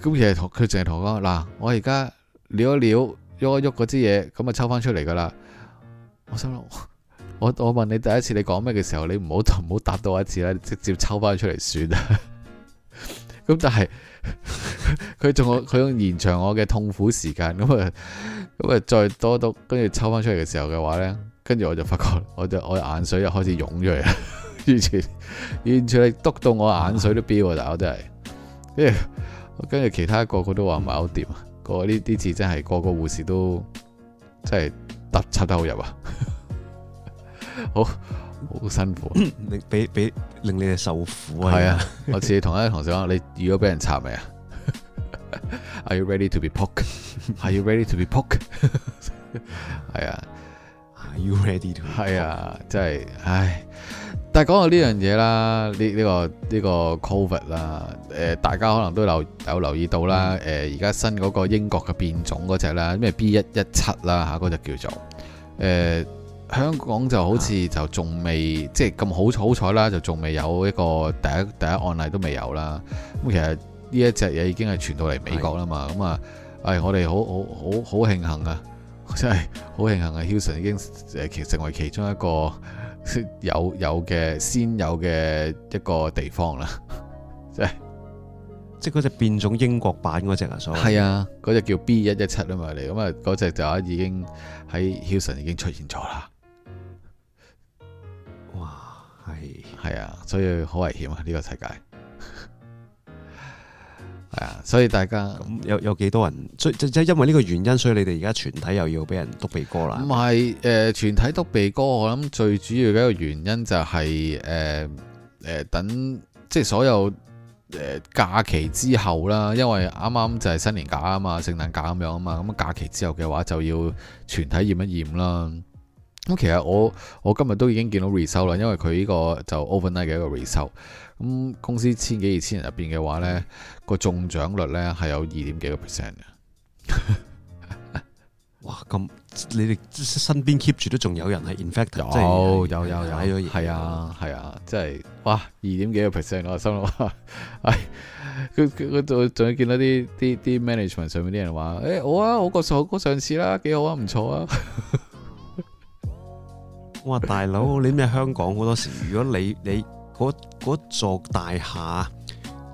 [SPEAKER 2] 咁嘢同佢淨係同我講嗱、啊，我而家撩一撩喐一喐嗰啲嘢，咁啊抽翻出嚟噶啦。我心諗，我我問你第一次你講咩嘅時候，你唔好唔好答到一次啦，直接抽翻出嚟算啦。咁 *laughs* 但係佢仲有佢仲延長我嘅痛苦時間，咁啊咁啊再多到，跟住抽翻出嚟嘅時候嘅話呢，跟住我就發覺，我就我眼水又開始湧咗嚟！完全完全係督到我眼水都飆啊！大佬真係，跟住其他個個都話唔係好掂，個呢啲字真係個個護士都真係突插得好入啊！好，好辛苦，令俾俾令你哋受苦啊！係啊，我似同一位同事講，你如果俾人插未啊？Are you ready to be poked？Are you ready to be poked？係啊，Are you ready to？係啊，真係，唉。但係講到呢樣嘢啦，呢、這、呢個呢、這個 COVID 啦，誒，大家可能都留有留意到啦，誒，而家新嗰個英國嘅變種嗰隻啦，咩 B 一一七啦嚇，嗰隻叫做誒，香港就好似就仲未，啊、即係咁好彩好彩啦，就仲未有一個第一第一案例都未有啦。咁其實呢一隻嘢已經係傳到嚟美國啦嘛，咁啊的，誒，我哋好好好好慶幸啊，真係好慶幸啊 Hilson 已經誒成成為其中一個。有有嘅先有嘅一個地方啦， *laughs* 就係、即係即係嗰隻變種英國版嗰
[SPEAKER 1] 隻啊，所謂係啊，
[SPEAKER 2] 嗰隻叫 B 一一七啊嘛嚟，咁啊嗰隻就已經喺 Hilton 已經出現咗啦，
[SPEAKER 1] 哇係係啊，所以好危險啊呢、呢個世界。所以大家有有幾多人？所即係因為呢個原因，所以你哋而家全體又要俾人督鼻哥啦。唔係誒，全體督鼻哥，我諗最
[SPEAKER 2] 主要嘅一個原因就係誒誒，等即係所有誒、呃、假期之後啦，因為啱啱就係新年假啊嘛，聖誕假咁樣啊嘛，咁假期之後嘅話就要全體驗一驗啦。咁其實我我今日都已經見到 r e 回收啦，因為佢呢個就 o p e n i g h t 嘅一個回收。咁公司千幾二千人入邊嘅話咧，個中獎率咧係有二點幾個 percent 嘅。
[SPEAKER 1] 哇，咁你哋身邊 keep 住都仲有人係 infect 有有有有咗？係啊係啊，即係哇二點幾個 percent 我心諗，唉，
[SPEAKER 2] 佢佢佢仲仲要見到啲啲啲 management 上面啲人話，誒好啊，我個
[SPEAKER 1] 上我個上次啦，幾好啊，唔錯啊。我話大佬，你咩香港好多時，如果你你，嗰座大廈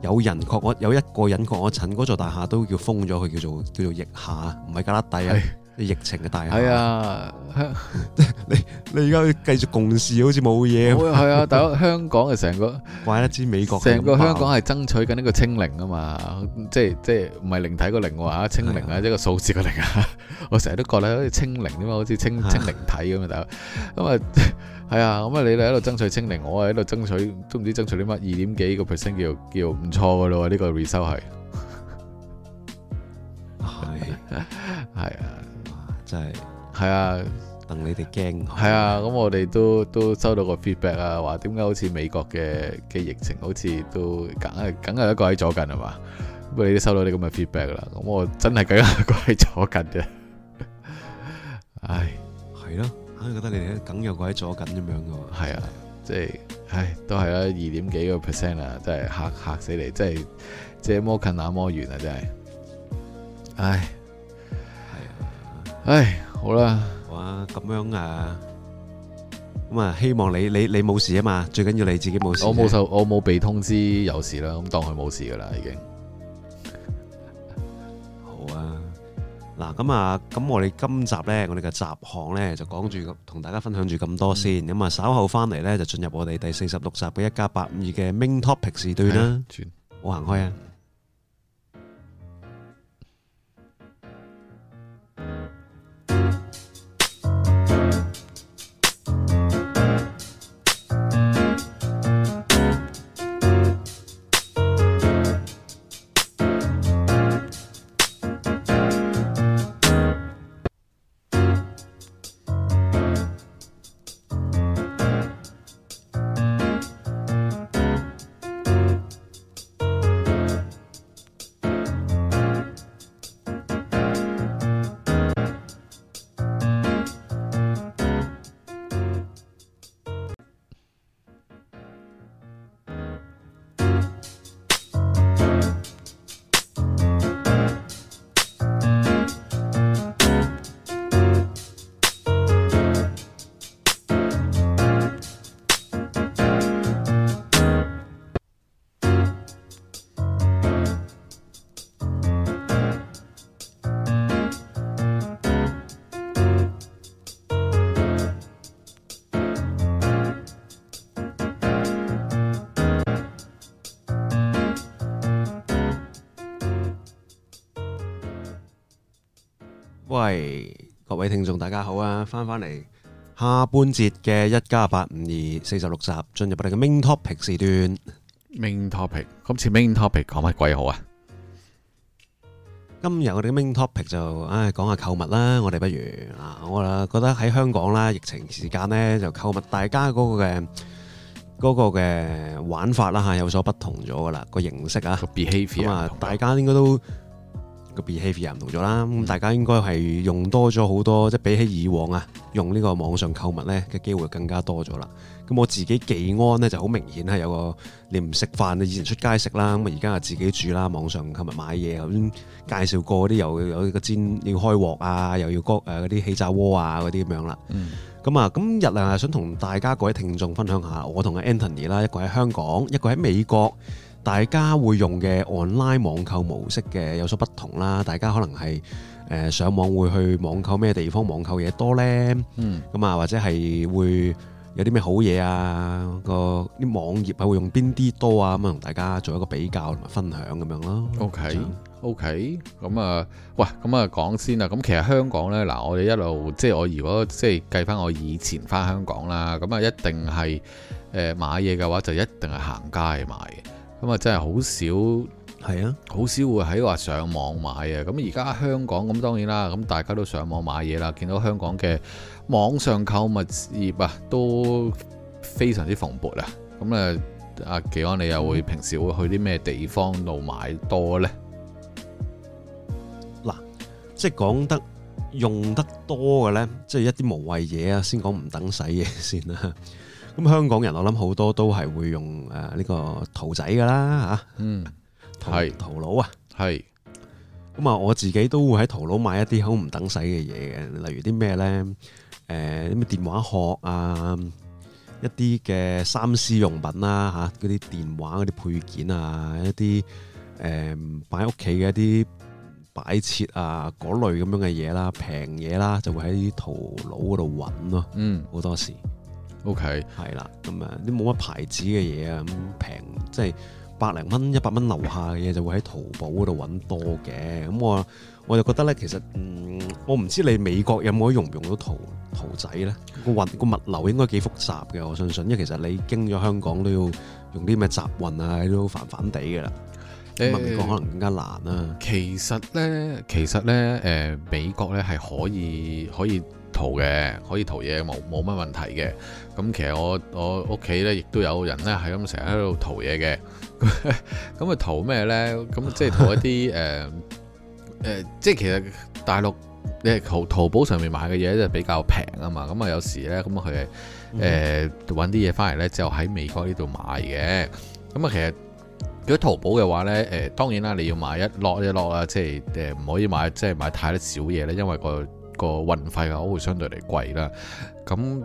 [SPEAKER 1] 有人確我，有一個人確我診，嗰座大廈都叫封咗，佢叫做叫做疫廈，唔係隔得底啊，是疫情嘅大廈。係啊，香你你而家繼續共事，好似冇嘢。係啊，但係香港嘅成個怪得知美國，成個香港係爭
[SPEAKER 2] 取緊呢個清零啊嘛，即係即係唔係靈體個靈嚇，清零啊，一個數字嘅零啊，我成日都覺得好似清零啫嘛，好似清清靈體咁啊，但係因為。係啊，咁啊你哋喺度爭取清零，我啊喺度爭取都唔知爭取啲乜，二點幾個 percent 叫叫唔錯噶咯，呢個 result 係，係啊，真係，係啊，等你哋驚，係啊，咁我哋都都收到個 feedback 啊，話點解好似美國嘅嘅疫情好似都梗係梗係一個喺左近係嘛？咁你都收到你咁嘅 feedback 啦，咁我真係梗係一個喺左近嘅，唉，係咯。
[SPEAKER 1] 我都覺得你哋梗有個喺左近咁
[SPEAKER 2] 樣噶，係啊，即係，唉，都係啦，二點幾個 percent 啊，真係吓吓死你，真係，這麼近那麼遠啊，真係，唉，係
[SPEAKER 1] 啊，唉，好啦，哇，咁樣啊，咁啊，希望你你你冇事啊嘛，最緊要你自己冇事，我冇受，我冇被通知有事啦，咁當佢冇事噶啦，已經。嗱，咁啊，咁我哋今集呢，我哋嘅集行呢，就講住同大家分享住咁多先，咁啊稍後翻嚟呢，就進入我哋第四十六集嘅一家八五二嘅 main topic 時段啦，我行開啊！大家好啊，翻返嚟下半節嘅一加八五二四十六集，進入我哋嘅 main topic 時段。main topic 今次 main topic 講乜鬼好啊？今日我哋嘅 main topic 就唉講下購物啦。我哋不如啊，我啊覺得喺香港啦，疫情時間呢，就購物，大家嗰個嘅、嗰個嘅玩法啦吓有所不同咗噶啦，個形式啊，behaviour 啊，大家應該都。個 behaviour 唔同咗啦，咁大家應該係用多咗好多，嗯、即係比起以往啊，用呢個網上購物咧嘅機會更加多咗啦。咁我自己技安咧就好明顯係有個，你唔食飯你以前出街食啦，咁而家啊自己煮啦，網上購物買嘢，咁介紹過嗰啲又有個煎要開鑊啊，又要焗誒嗰啲氣炸鍋啊嗰啲咁樣啦。咁啊、嗯，咁今日想同大家各位聽眾分享一下，我同 Anthony 啦，一個喺香港，一個喺美國。大家會用嘅 online 網購模式嘅有所不同啦。大家可能係誒上網會去網購咩地方？網購嘢多呢？嗯，咁啊，或者係會有啲咩好嘢啊？個啲網頁啊，會用邊啲多啊？咁啊，同大家做一個比較同埋分享咁樣咯。OK，OK，咁啊，喂，咁啊講先啊。咁其
[SPEAKER 2] 實香港呢，嗱，我哋一路即係我如果即係計返我以前返香港啦，咁啊一定係誒買嘢嘅話就一定係行街買咁啊，真係好少，係啊，好少會喺話上網買啊。咁而家香港咁當然啦，咁大家都上網買嘢啦。見到香港嘅網上購物業啊，都非常之蓬勃啊。咁啊，阿技安，你又會平時會去啲咩地
[SPEAKER 1] 方度買多呢？嗱，即係講得用得多嘅呢，即係一啲無謂嘢啊。先講唔等使嘢先啦。咁香港人我諗好多都係會用誒呢、啊這個淘仔噶啦吓，嗯，係淘佬啊，係是。咁啊，我自己都會喺淘佬買一啲好唔等使嘅嘢嘅，例如啲咩咧，誒啲咩電話殼啊，一啲嘅 3C 用品啦、啊、吓，嗰啲電話嗰啲配件啊，一啲誒擺屋企嘅一啲擺設啊，嗰類咁樣嘅嘢啦，平嘢啦，就會喺淘佬嗰度揾咯，嗯，好多時。O K，係啦，咁啊，啲冇乜牌子嘅嘢啊，咁平，即係百零蚊、一百蚊樓下嘅嘢，就會喺淘寶嗰度揾多嘅。咁我我就覺得咧，其實，嗯，我唔知你美國有冇用唔用到淘淘仔咧？個運個物流應該幾複雜嘅，我相信，因為其實你經咗香港都要用啲咩集運啊，都煩煩地噶
[SPEAKER 2] 啦。美國可能
[SPEAKER 1] 更加難啊。其實咧，其實咧，誒美國
[SPEAKER 2] 咧係可以可以淘嘅，可以淘嘢冇冇乜問題嘅。咁其實我我屋企咧，亦都有人咧，係咁成日喺度淘嘢嘅。咁啊淘咩咧？咁即係淘一啲誒誒，即係其實大陸你係淘淘寶上面買嘅嘢，都係比較平啊嘛。咁啊，有時咧，咁啊佢誒揾啲嘢翻嚟咧，就喺美國呢度買嘅。咁啊，其實如果淘寶嘅話咧，誒、呃、當然啦，你要買一落一落啊，即係誒唔可以買即係買太啲少嘢咧，因為、那個個運費啊會相對嚟貴啦。咁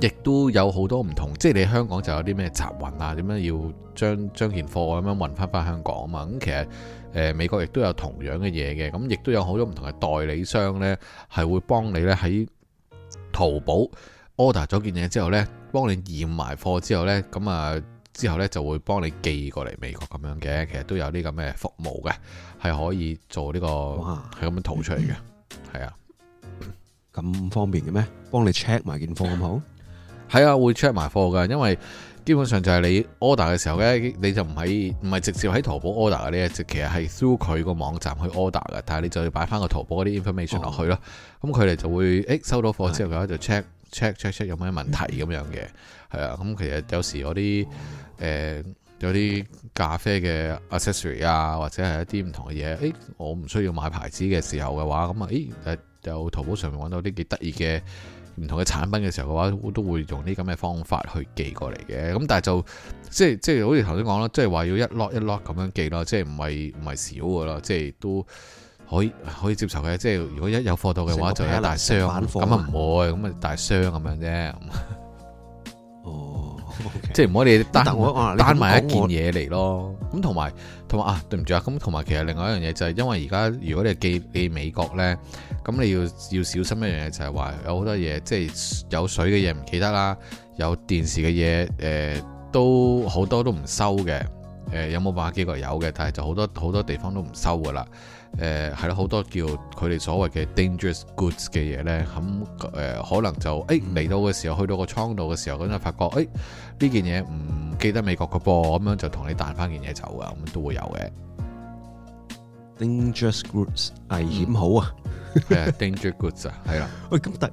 [SPEAKER 2] 亦都有好多唔同，即係你香港就有啲咩集運啊，點樣要將將件貨咁樣運翻翻香港啊嘛。咁其實誒、呃、美國亦都有同樣嘅嘢嘅，咁亦都有好多唔同嘅代理商呢，係會幫你咧喺淘寶 order 咗件嘢之後呢，幫你驗埋貨之後呢，咁啊之後呢就會幫你寄過嚟美國咁樣嘅。其實都有啲咁嘅服務嘅，係可以做呢、呢個係咁哇樣淘出嚟嘅，係啊、嗯，咁的方便嘅咩？幫你 check 埋件貨好唔好。 *laughs* 係啊，會 check 埋貨㗎，因為基本上就係你 order 嘅時候呢，你就唔係唔係直接喺淘寶 order 嘅呢，其實係 through 佢個網站去 order 嘅，但係你就要擺翻個淘寶嗰啲 information 落去咯。咁佢哋就會，誒、欸、收到貨之後嘅話就 check, Yes. check check check check 有咩問題咁樣嘅，係啊。咁其實有時嗰啲誒有啲、呃、咖啡嘅 accessory 啊，或者係一啲唔同嘅嘢，誒、欸、我唔需要買牌子嘅時候嘅話，咁啊誒就、欸、淘寶上面揾到啲幾得意嘅。唔同嘅產品嘅時候嘅話，都會用啲咁嘅方法去寄過嚟嘅。咁但係就即係即係好似頭先講啦，即係話要一粒一粒咁樣寄咯，即係唔係唔係少嘅啦，即係都可以可以接受嘅。即係如果一有貨到嘅話，就一大箱咁啊唔會咁啊大箱咁樣啫。 *laughs* Okay, 即係唔好你單我單埋一件嘢嚟咯，咁同埋同埋啊，對唔住啊，咁同埋其實另外一樣嘢就係，因為而家如果你係寄寄美國呢，咁你要要小心一樣嘢就係話有好多嘢即係有水嘅嘢唔寄得啦，有電視嘅嘢誒都好多都唔收嘅，誒、呃、有冇辦法寄過有嘅，但係就好多好多地方都唔收噶啦，誒係咯好多叫佢哋所謂嘅 dangerous goods 嘅嘢呢。咁、呃、誒可能就誒嚟、哎、到嘅時候、嗯、去到個倉度嘅時候咁就發覺誒。哎呢件嘢唔、嗯、記得美國嘅噃，咁樣就同你彈翻件嘢走啊，咁都會
[SPEAKER 1] 有嘅。Dangerous goods，危險好啊。係、嗯、 *laughs* Dangerous goods 啊，係啦、哎。喂，咁第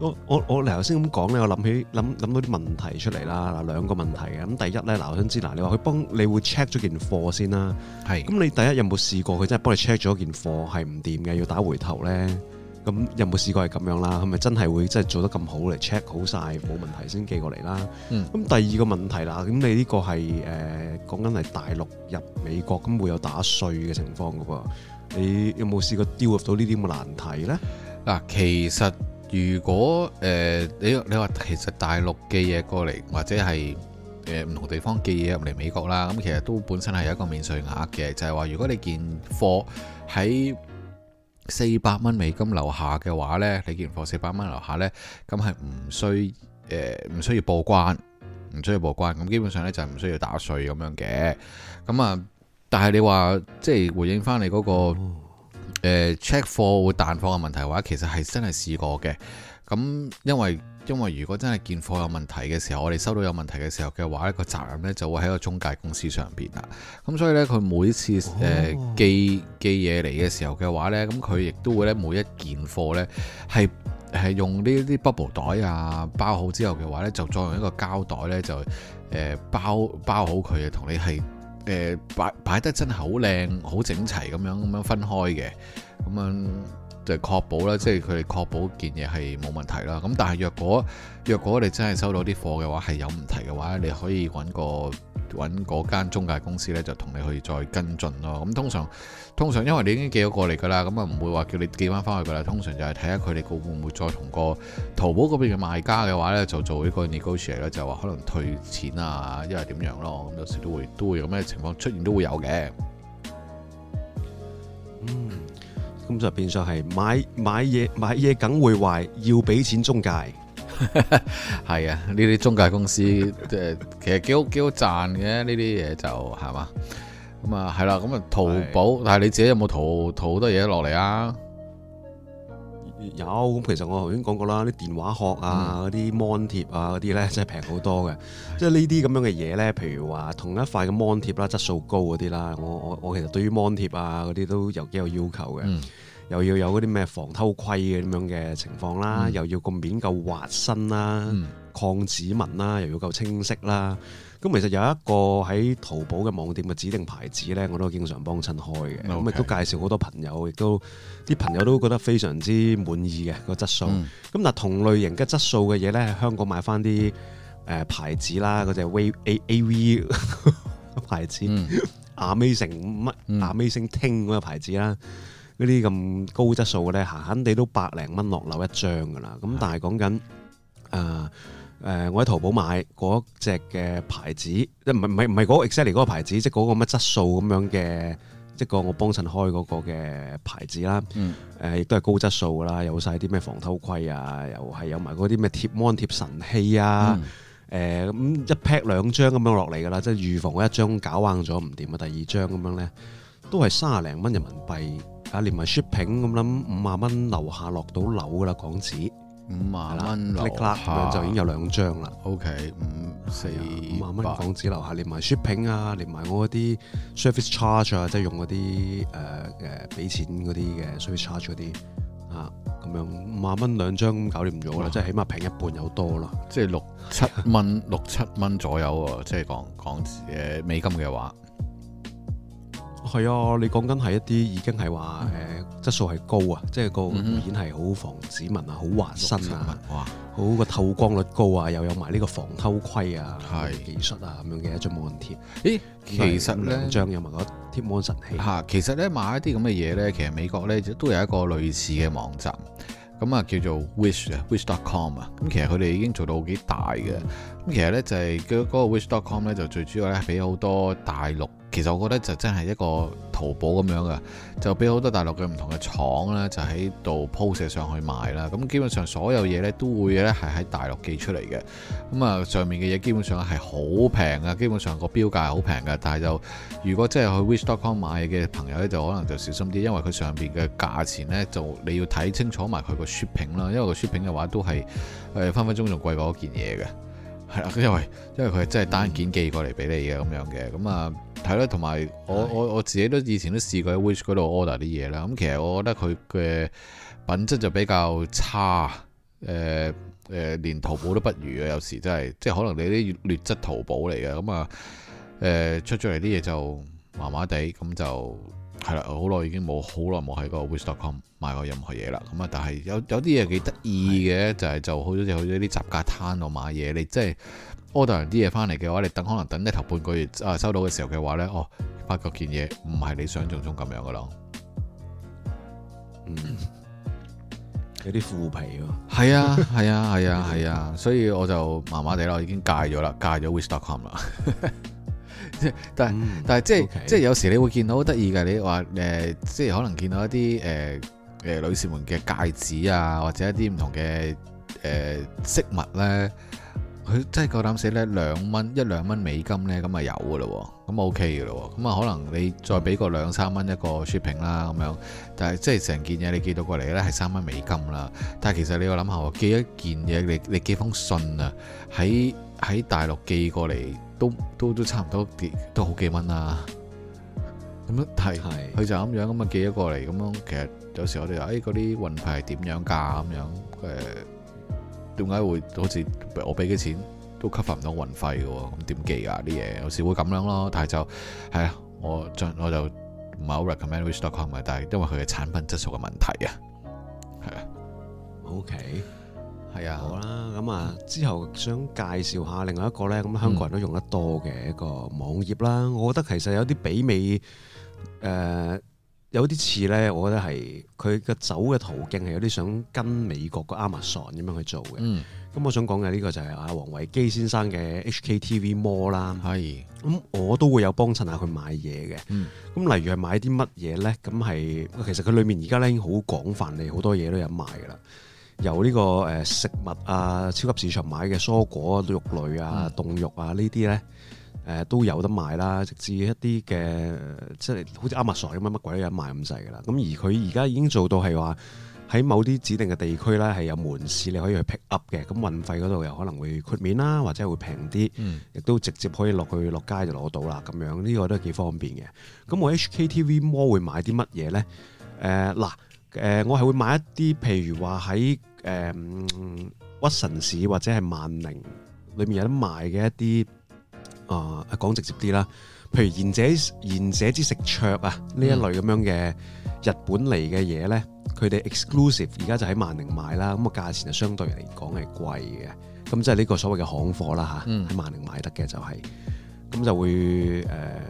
[SPEAKER 1] 我我我頭先咁講咧，我諗起諗諗到啲問題出嚟啦。嗱，兩個問題嘅。咁第一咧，嗱，我想知，嗱，你話佢幫你會 check 咗件貨先啦。係是。咁你第一有冇試過佢真係幫你 check 咗件貨係唔掂嘅，要打回頭咧？咁有冇試過係咁樣啦？係咪真係會真係做得咁好嚟 check 好曬冇問題先寄過嚟啦？咁、嗯、第二個問題啦，咁你呢個係誒講緊係大陸入美國咁會有打稅嘅情況噶噃？你有冇試過 deal 到呢啲咁嘅難題咧？嗱，其實如果誒、呃、你你話其實大陸寄
[SPEAKER 2] 嘢過嚟或者係唔同地方寄嘢入嚟美國啦，咁其實都本身係有一個免稅額嘅，就係、是、話如果你件貨喺四百蚊美金樓下嘅話呢，你件貨四百蚊樓下呢，咁係唔需誒唔需要報關，唔需要報關，咁基本上呢就係唔需要打稅咁樣嘅。咁啊，但係你話即係回應返你嗰個、呃、check 貨會彈貨嘅問題嘅話，其實係真係試過嘅。咁因為因為如果真係件貨有問題嘅時候，我哋收到有問題嘅時候嘅話呢，個責任呢就會喺個中介公司上邊啦。咁所以呢，佢每次誒、oh. 呃、寄寄嘢嚟嘅時候嘅話呢，咁佢亦都會呢，每一件貨呢係係用呢啲 bubble 袋啊包好之後嘅話呢，就再用一個膠袋呢，就、呃、誒包包好佢，同你係誒擺擺得真係好靚、好整齊咁樣咁樣分開嘅咁樣。就係確保啦，即係佢哋確保件嘢係冇問題啦。咁但係若果若果你真係收到啲貨嘅話，係有問題嘅話，你可以揾個揾嗰間中介公司呢，就同你去再跟進咯。咁通常通常因為你已經寄咗過嚟噶啦，咁啊唔會話叫你寄翻翻去噶啦。通常就係睇下佢哋會唔會再同個淘寶嗰邊嘅賣家嘅話呢，就做呢個 negotiate 就話可能退錢啊，一係點樣咯？咁有時都會都會有咩情況出現，都會有
[SPEAKER 1] 嘅。嗯咁就變相係買買嘢買嘢，梗會壞，要俾錢中介。係啊！呢啲 *laughs*
[SPEAKER 2] 中介公司誒， *laughs* 其實幾好，幾好賺嘅呢啲嘢就係嘛。
[SPEAKER 1] 咁啊，係啦，咁啊淘寶，的但係你自己有冇淘淘好多嘢落嚟啊？有咁其實我頭先講過啦，啲電話殼啊、嗰啲 mon 貼啊嗰啲咧，那些真係平好多嘅。即係呢啲咁樣嘅嘢咧，譬如話同一塊嘅 mon 貼啦，質素高嗰啲啦，我我我其實對於 mon 貼啊嗰啲都有幾有要求嘅，嗯、又要有嗰啲咩防偷窺嘅咁樣嘅情況啦，嗯、又要個面夠滑身啦，抗、嗯、指紋啦，又要夠清晰啦。咁其實有一個喺淘寶嘅網店嘅指定牌子咧，我都經常幫襯開嘅，咁亦 Okay. 都介紹好多朋友，亦都啲朋友都覺得非常之滿意嘅、嗰個質素。咁、嗯、但同類型嘅質素嘅嘢咧，喺香港買返啲誒牌子啦，嗰隻 We A A V *laughs* 牌子，Amazing 乜 Amazing Thing 嗰個牌子啦，嗰啲咁高質素嘅咧，閒閒地都百零蚊落樓一張噶啦。咁的但係講緊誒。呃誒、呃，我喺淘寶買嗰隻嘅牌子，即唔係唔係唔係嗰個 exactly 嗰個牌子，即係嗰個乜質素咁樣嘅，即、就、係、是、個我幫襯開嗰個嘅牌子啦。誒、嗯，亦都係高質素啦，有晒啲咩防偷窺啊，又係有埋嗰啲咩貼膜貼神器啊。誒、嗯，咁、呃嗯、一劈 pair 兩張咁樣落嚟㗎啦，即、就、係、是、預防我一張搞歪咗唔掂啊，第二張咁樣咧，都係三廿零蚊人民幣啊，連埋 shipping 咁諗五萬蚊樓下落到樓㗎啦，港紙。五萬蚊粒粒就已經有兩張啦。OK，五四五萬蚊港紙樓下，連埋 shipping 啊，連埋我啲 service charge 啊，即係用嗰啲誒誒俾錢嗰啲嘅 service charge 嗰啲啊，咁樣五萬蚊兩張咁搞掂咗啦，即係起碼平一半有多啦。即係六七蚊，六七蚊左右啊。即係講港誒美金嘅話。係啊，你講緊係一啲已經係話誒質素係高啊，即係個面係好防指紋啊，好、嗯、滑身啊，嗯、哇，好個透光率高啊，又有埋呢個防偷窺啊是技術啊，咁樣嘅一張膜貼。咦誒，嗯、其實呢張有埋個
[SPEAKER 2] 貼膜神器嚇，其實咧買一啲咁嘅嘢咧，其實美國咧都有一個類似嘅網站，咁啊叫做 Wish，Wish.com 啊，咁其實佢哋已經做到幾大嘅。咁其實咧就係嗰個 Wish.com 咧，就最主要咧俾好多大陸。其實我覺得就真係一個淘寶咁樣嘅，就俾好多大陸嘅唔同嘅廠咧，就喺度 post 上去賣啦。咁基本上所有嘢呢，都會呢係喺大陸寄出嚟嘅。咁啊，上面嘅嘢基本上係好平啊，基本上個標價係好平嘅。但係就如果真係去 wish.com 買嘅朋友呢，就可能就小心啲，因為佢上邊嘅價錢呢，就你要睇清楚埋佢個 shipping 啦，因為個 shipping 嘅話都係誒、呃、分分鐘仲貴過嗰件嘢嘅。係啦，因為因為佢真係單件寄過嚟俾你嘅，咁、嗯、樣嘅，咁啊係啦，同埋我的我我自己都以前都試過喺 Wish 嗰度 order 啲嘢啦，咁其實我覺得佢嘅品質就比較差，誒、呃、誒、呃、連淘寶都不如啊，有時真係，即係可能你啲劣質淘寶嚟嘅，咁啊誒出咗嚟啲嘢就麻麻地，咁就係啦，好耐已經冇好耐冇喺個 Wish.com。買過任何嘢啦，咁啊，但係有有啲嘢幾得意嘅，的就係就好似去咗啲雜架攤度買嘢，你即係 order 完啲嘢翻嚟嘅話，你等可能等一頭半個月啊，收到嘅時候嘅話咧，哦，發覺件嘢唔係你想象中咁樣噶咯，嗯、有啲腐皮喎，係啊係啊係啊係啊，所以我就麻麻地啦，已經戒咗啦，戒咗 Wish.com 啦， *laughs* 但係、嗯、但係即係 okay. 即係有時你會見到好得意嘅，你話誒、呃、即係可能見到一啲誒。呃誒、呃、女士們嘅戒指啊，或者一啲唔同嘅誒、呃、飾物咧，佢真係夠膽死咧，兩蚊一兩蚊美金咧，咁啊有噶咯，咁 OK 噶咯，咁啊可能你再俾個兩三蚊一個 shipping 啦，咁樣，但係即係成件嘢你寄到過嚟咧係三蚊美金啦。但係其實你要諗下，寄一件嘢你你寄封信啊，喺喺大陸寄過嚟都都都差唔多幾都好幾蚊啦。咁樣，但佢是的 就咁樣咁啊寄咗過嚟咁樣，其實。有時我哋又誒嗰啲運費係點樣價咁樣誒？點解會好似我俾嘅錢都給發唔到運費嘅喎？咁點記啊啲嘢？有時會咁樣咯。但係就係啊，我就我就唔係好 recommend w h i c h dot com 但係因為佢嘅產品質素嘅問題啊。
[SPEAKER 1] 係啊，OK 係啊的，好啦。咁啊，之後想介紹下另外一個咧，咁香港人都用得多嘅一個網頁啦。嗯、我覺得其實有啲比美誒。呃有啲似咧，我覺得係佢嘅走嘅途徑係有啲想跟美國個 Amazon 咁樣去做嘅。咁、嗯、我想講嘅呢個就係阿王維基先生嘅 HKTV Mall 啦。係咁是，我都會有幫襯下佢買嘢嘅。咁、嗯、例如係買啲乜嘢咧？咁係其實佢裏面而家咧已經好廣泛嚟，好多嘢都有賣嘅啦。由呢個誒食物啊，超級市場買嘅蔬果肉類啊、凍肉啊、嗯、這些呢啲咧。呃、都有得賣啦，直至一啲嘅即係好似亞馬遜咁樣，乜鬼都有得賣咁滯噶啦。咁而佢而家已經做到係話喺某啲指定嘅地區咧，係有門市你可以去 pick up 嘅，咁運費嗰度又可能會豁免啦，或者會平啲，亦、嗯、都直接可以落去落街就攞到啦。咁樣呢、這個都係幾方便嘅。咁我 HKTV Mall 會買啲乜嘢咧？嗱、呃呃，我係會買一啲譬如話喺誒屈臣氏或者係萬寧裏面有得賣嘅一啲。啊，講直接啲啦，譬如賢者賢者之食卓啊呢一類咁樣嘅日本嚟嘅嘢咧，佢哋、嗯、exclusive 而家就喺萬寧買啦，咁個價錢就相對嚟講係貴嘅，咁即係呢個所謂嘅行貨啦嚇，喺萬寧買得嘅就係、是，咁、嗯、就會誒、呃、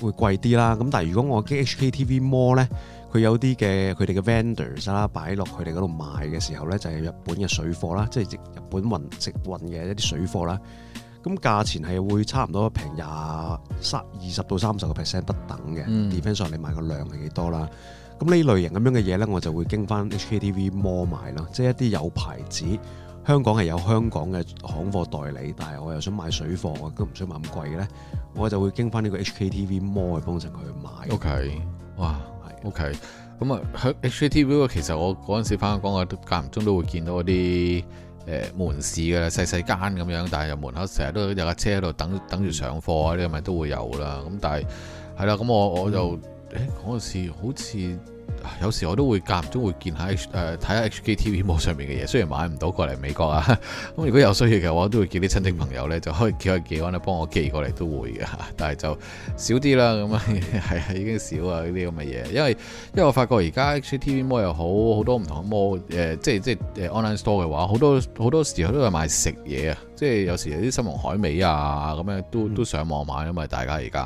[SPEAKER 1] 會貴啲啦。咁但係如果我喺 HKTV Mall 咧，佢有啲嘅佢哋嘅 vendors 啦擺落佢哋嗰度賣嘅時候咧，就係、是、日本嘅水貨啦，即、就、係、是、日本運直運嘅一啲水貨啦。咁價錢係會差唔多平廿三二十到三十個 percent 不等嘅，depends on 你買個量係幾多啦。咁呢、嗯、類型咁樣嘅嘢咧，我就會經翻 HKTV Mall 買啦，即、就、係、是、一啲有牌子，香港係有香港嘅行貨代理，但係我又想買水貨，我都唔想買咁貴嘅咧，我就會經翻呢個 HKTV Mall 去幫襯佢買。O、okay, K，哇，係的 O、okay, K，咁啊 HKTV 其實我陣時翻
[SPEAKER 2] 香港啊，間唔中都會見到啲。誒、呃、門市㗎啦，細細間咁樣，但係入門口成日都有架車喺度等等住上課啊。啲咁，咪都會有啦。咁但係係啦，咁我我就誒，嗰時、嗯欸那個、好似有時我都會間唔中會見下誒睇、呃、下 HKTV Mall 上面嘅嘢，雖然買唔到過嚟美國啊，咁如果有需要嘅話，我都會叫啲親戚朋友咧，就可以叫下技安咧幫我寄過嚟都會嘅，但係就少啲啦，咁啊係啊，嗯、 *laughs* 已經少啊呢啲咁嘅嘢，因為因為我發覺而家 HKTV Mall 又好好多唔同嘅 Mall 誒，即係即係、呃、online store 嘅話，好多好多時候都係買食嘢啊，即係有時啲山珍海味啊咁樣都、嗯、都上網買啊嘛，大家而家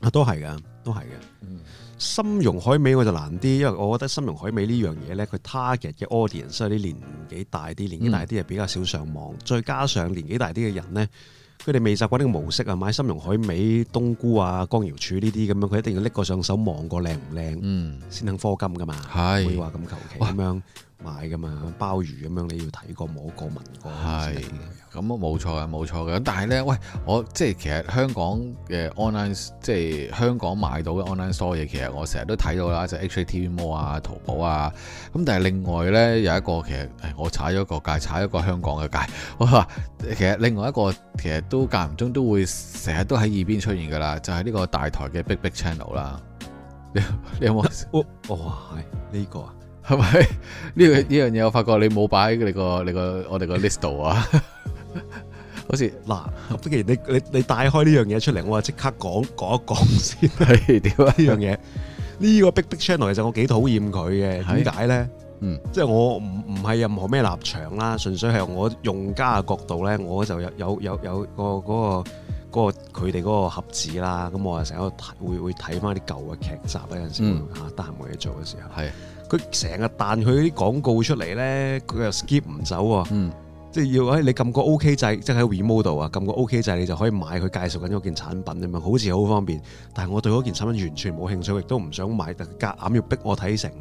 [SPEAKER 1] 啊都係噶。都係嘅，參茸海味我就難啲，因為我覺得參茸海味呢樣嘢咧，佢 target 嘅 audience 呢年紀大啲，年紀大啲係比較少上網，嗯、再加上年紀大啲嘅人咧，佢哋未習慣呢個模式啊，買參茸海味、冬菇啊、江瑤柱呢啲咁樣，佢一定要拎個上手望過靚唔靚，嗯，先肯課金噶嘛，係唔會話咁求其咁樣。買噶嘛鮑魚咁樣，你要睇過冇過敏過。係
[SPEAKER 2] 咁啊，冇錯啊，冇錯嘅。但係咧，喂，我即係其實香港嘅 online，即係香港買到嘅 online store 嘢，其實我成日都睇到啦，就係、HKTVmall 啊、淘寶啊。咁但係另外咧有一個，其實我踩咗個界，踩咗個香港嘅界。我話其實另外一個，其實都間唔中都會成日都喺耳邊出現噶啦，就係、是、呢個大台嘅 Big Big Channel 啦。你，你有冇、哦？我係呢個啊。係咪呢個呢樣嘢？我發覺你冇擺你個你個我哋個 list 度啊，
[SPEAKER 1] 好似嗱，不如你你你帶開呢樣嘢出嚟，我啊即刻講講一講先。係點呢樣嘢呢個 Big Big Channel 其實我幾討厭佢嘅，點解咧？呢嗯，即係我唔唔係任何咩立場啦，純粹係我用家嘅角度咧，我就有有有有,有、嗰個、嗰個、嗰個佢哋、嗰個嗰個嗰個嗰個嗰個盒子啦。咁我成日睇，會會睇翻啲舊嘅劇集、嗯、啊。有陣時得閒冇嘢做嘅時候係。佢成日彈佢啲廣告出嚟咧，佢又 skip 唔走喎，即係要喺你撳個 OK 掣，即係喺 remote 度啊，撳個 OK 掣你就可以買佢介紹緊嗰件產品啊嘛，好似好方便，但係我對嗰件產品完全冇興趣，亦都唔想買，但佢夾硬要逼我睇成